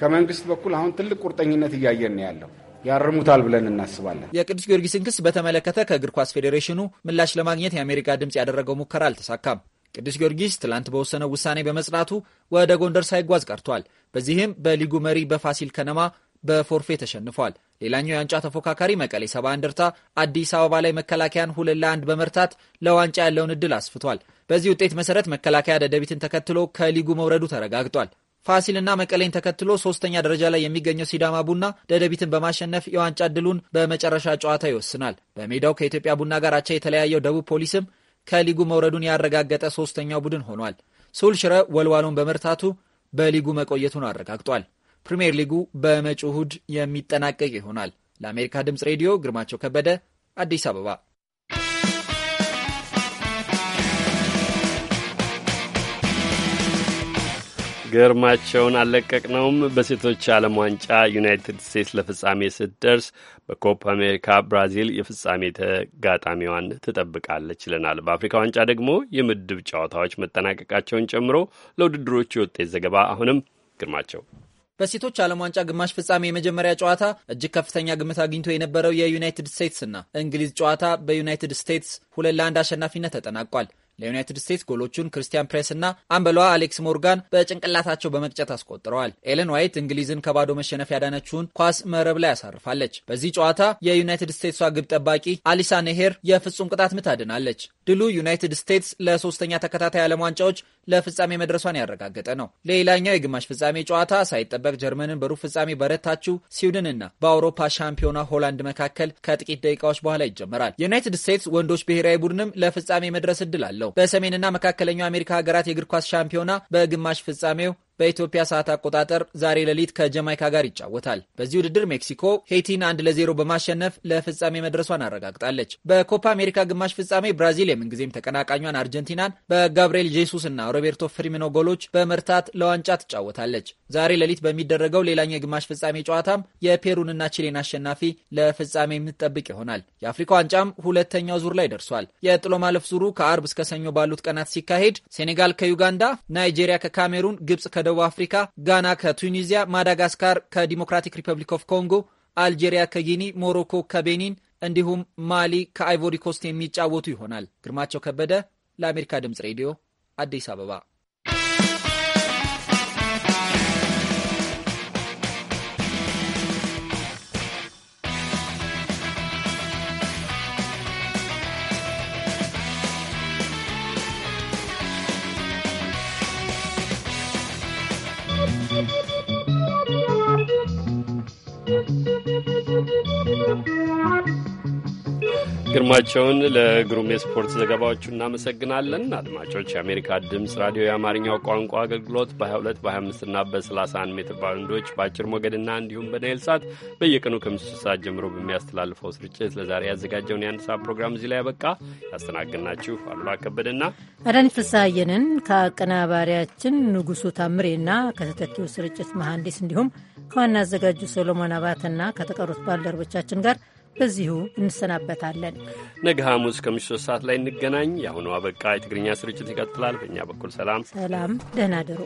ከመንግስት በኩል አሁን ትልቅ ቁርጠኝነት እያየን ያለው ያርሙታል ብለን እናስባለን። የቅዱስ ጊዮርጊስን ክስ በተመለከተ ከእግር ኳስ ፌዴሬሽኑ ምላሽ ለማግኘት የአሜሪካ ድምፅ ያደረገው ሙከራ አልተሳካም። ቅዱስ ጊዮርጊስ ትላንት በወሰነው ውሳኔ በመጽናቱ ወደ ጎንደር ሳይጓዝ ቀርቷል። በዚህም በሊጉ መሪ በፋሲል ከነማ በፎርፌ ተሸንፏል። ሌላኛው የዋንጫ ተፎካካሪ መቀሌ ሰባ እንደርታ አዲስ አበባ ላይ መከላከያን ሁለት ለአንድ በመርታት ለዋንጫ ያለውን እድል አስፍቷል። በዚህ ውጤት መሰረት መከላከያ ደደቢትን ተከትሎ ከሊጉ መውረዱ ተረጋግጧል። ፋሲልና መቀሌን ተከትሎ ሶስተኛ ደረጃ ላይ የሚገኘው ሲዳማ ቡና ደደቢትን በማሸነፍ የዋንጫ እድሉን በመጨረሻ ጨዋታ ይወስናል። በሜዳው ከኢትዮጵያ ቡና ጋር አቻ የተለያየው ደቡብ ፖሊስም ከሊጉ መውረዱን ያረጋገጠ ሶስተኛው ቡድን ሆኗል። ሱል ሽረ ወልዋሎን በመርታቱ በሊጉ መቆየቱን አረጋግጧል። ፕሪምየር ሊጉ በመጪው እሁድ የሚጠናቀቅ ይሆናል። ለአሜሪካ ድምፅ ሬዲዮ ግርማቸው ከበደ አዲስ አበባ። ግርማቸውን አልለቀቅነውም። በሴቶች ዓለም ዋንጫ ዩናይትድ ስቴትስ ለፍጻሜ ስትደርስ በኮፕ አሜሪካ ብራዚል የፍጻሜ ተጋጣሚዋን ትጠብቃለች ይለናል። በአፍሪካ ዋንጫ ደግሞ የምድብ ጨዋታዎች መጠናቀቃቸውን ጨምሮ ለውድድሮቹ የውጤት ዘገባ አሁንም ግርማቸው በሴቶች ዓለም ዋንጫ ግማሽ ፍጻሜ የመጀመሪያ ጨዋታ እጅግ ከፍተኛ ግምት አግኝቶ የነበረው የዩናይትድ ስቴትስና እንግሊዝ ጨዋታ በዩናይትድ ስቴትስ ሁለት ለአንድ አሸናፊነት ተጠናቋል። ለዩናይትድ ስቴትስ ጎሎቹን ክርስቲያን ፕሬስና አምበሏ አሌክስ ሞርጋን በጭንቅላታቸው በመቅጨት አስቆጥረዋል። ኤለን ዋይት እንግሊዝን ከባዶ መሸነፍ ያዳነችውን ኳስ መረብ ላይ አሳርፋለች። በዚህ ጨዋታ የዩናይትድ ስቴትሷ ግብ ጠባቂ አሊሳ ኔሄር የፍጹም ቅጣት ምት አድናለች። ድሉ ዩናይትድ ስቴትስ ለሶስተኛ ተከታታይ ዓለም ዋንጫዎች ለፍጻሜ መድረሷን ያረጋገጠ ነው። ሌላኛው የግማሽ ፍጻሜ ጨዋታ ሳይጠበቅ ጀርመንን በሩብ ፍጻሜ በረታችው ስዊድንና በአውሮፓ ሻምፒዮና ሆላንድ መካከል ከጥቂት ደቂቃዎች በኋላ ይጀመራል። የዩናይትድ ስቴትስ ወንዶች ብሔራዊ ቡድንም ለፍጻሜ መድረስ እድል አለው። አለው። በሰሜንና መካከለኛው አሜሪካ ሀገራት የእግር ኳስ ሻምፒዮና በግማሽ ፍጻሜው በኢትዮጵያ ሰዓት አቆጣጠር ዛሬ ሌሊት ከጀማይካ ጋር ይጫወታል። በዚህ ውድድር ሜክሲኮ ሄይቲን አንድ ለዜሮ በማሸነፍ ለፍጻሜ መድረሷን አረጋግጣለች። በኮፓ አሜሪካ ግማሽ ፍጻሜ ብራዚል የምንጊዜም ተቀናቃኟን አርጀንቲናን በጋብርኤል ጄሱስ እና ሮቤርቶ ፍሪሚኖ ጎሎች በመርታት ለዋንጫ ትጫወታለች። ዛሬ ሌሊት በሚደረገው ሌላኛው የግማሽ ፍጻሜ ጨዋታም የፔሩንና ቺሌን አሸናፊ ለፍጻሜ የምትጠብቅ ይሆናል። የአፍሪካ ዋንጫም ሁለተኛው ዙር ላይ ደርሷል። የጥሎ ማለፍ ዙሩ ከአርብ እስከ ሰኞ ባሉት ቀናት ሲካሄድ ሴኔጋል ከዩጋንዳ፣ ናይጄሪያ ከካሜሩን፣ ግብጽ ከ ከደቡብ አፍሪካ፣ ጋና ከቱኒዚያ፣ ማዳጋስካር ከዲሞክራቲክ ሪፐብሊክ ኦፍ ኮንጎ፣ አልጄሪያ ከጊኒ፣ ሞሮኮ ከቤኒን እንዲሁም ማሊ ከአይቮሪ ኮስት የሚጫወቱ ይሆናል። ግርማቸው ከበደ ለአሜሪካ ድምፅ ሬዲዮ አዲስ አበባ ግርማቸውን ለግሩም የስፖርት ዘገባዎቹ እናመሰግናለን። አድማጮች የአሜሪካ ድምፅ ራዲዮ የአማርኛው ቋንቋ አገልግሎት በ22 በ25 እና በ31 ሜትር ባንዶች በአጭር ሞገድና እንዲሁም በናይል ሳት በየቀኑ ከምሽቱ ሰዓት ጀምሮ በሚያስተላልፈው ስርጭት ለዛሬ ያዘጋጀውን የአንድ ሰዓት ፕሮግራም እዚህ ላይ ያበቃ። ያስተናግናችሁ አሉላ ከበደና አዳነች ፍስሐየንን ከአቀናባሪያችን ንጉሱ ታምሬና ከተተኪው ስርጭት መሐንዲስ እንዲሁም ከዋና አዘጋጁ ሰሎሞን አባትና ከተቀሩት ባልደረቦቻችን ጋር በዚሁ እንሰናበታለን። ነገ ሐሙስ ከምሽቱ ሶስት ሰዓት ላይ እንገናኝ። የአሁኑ አበቃ። የትግርኛ ስርጭት ይቀጥላል። በእኛ በኩል ሰላም ሰላም፣ ደህና ደሩ።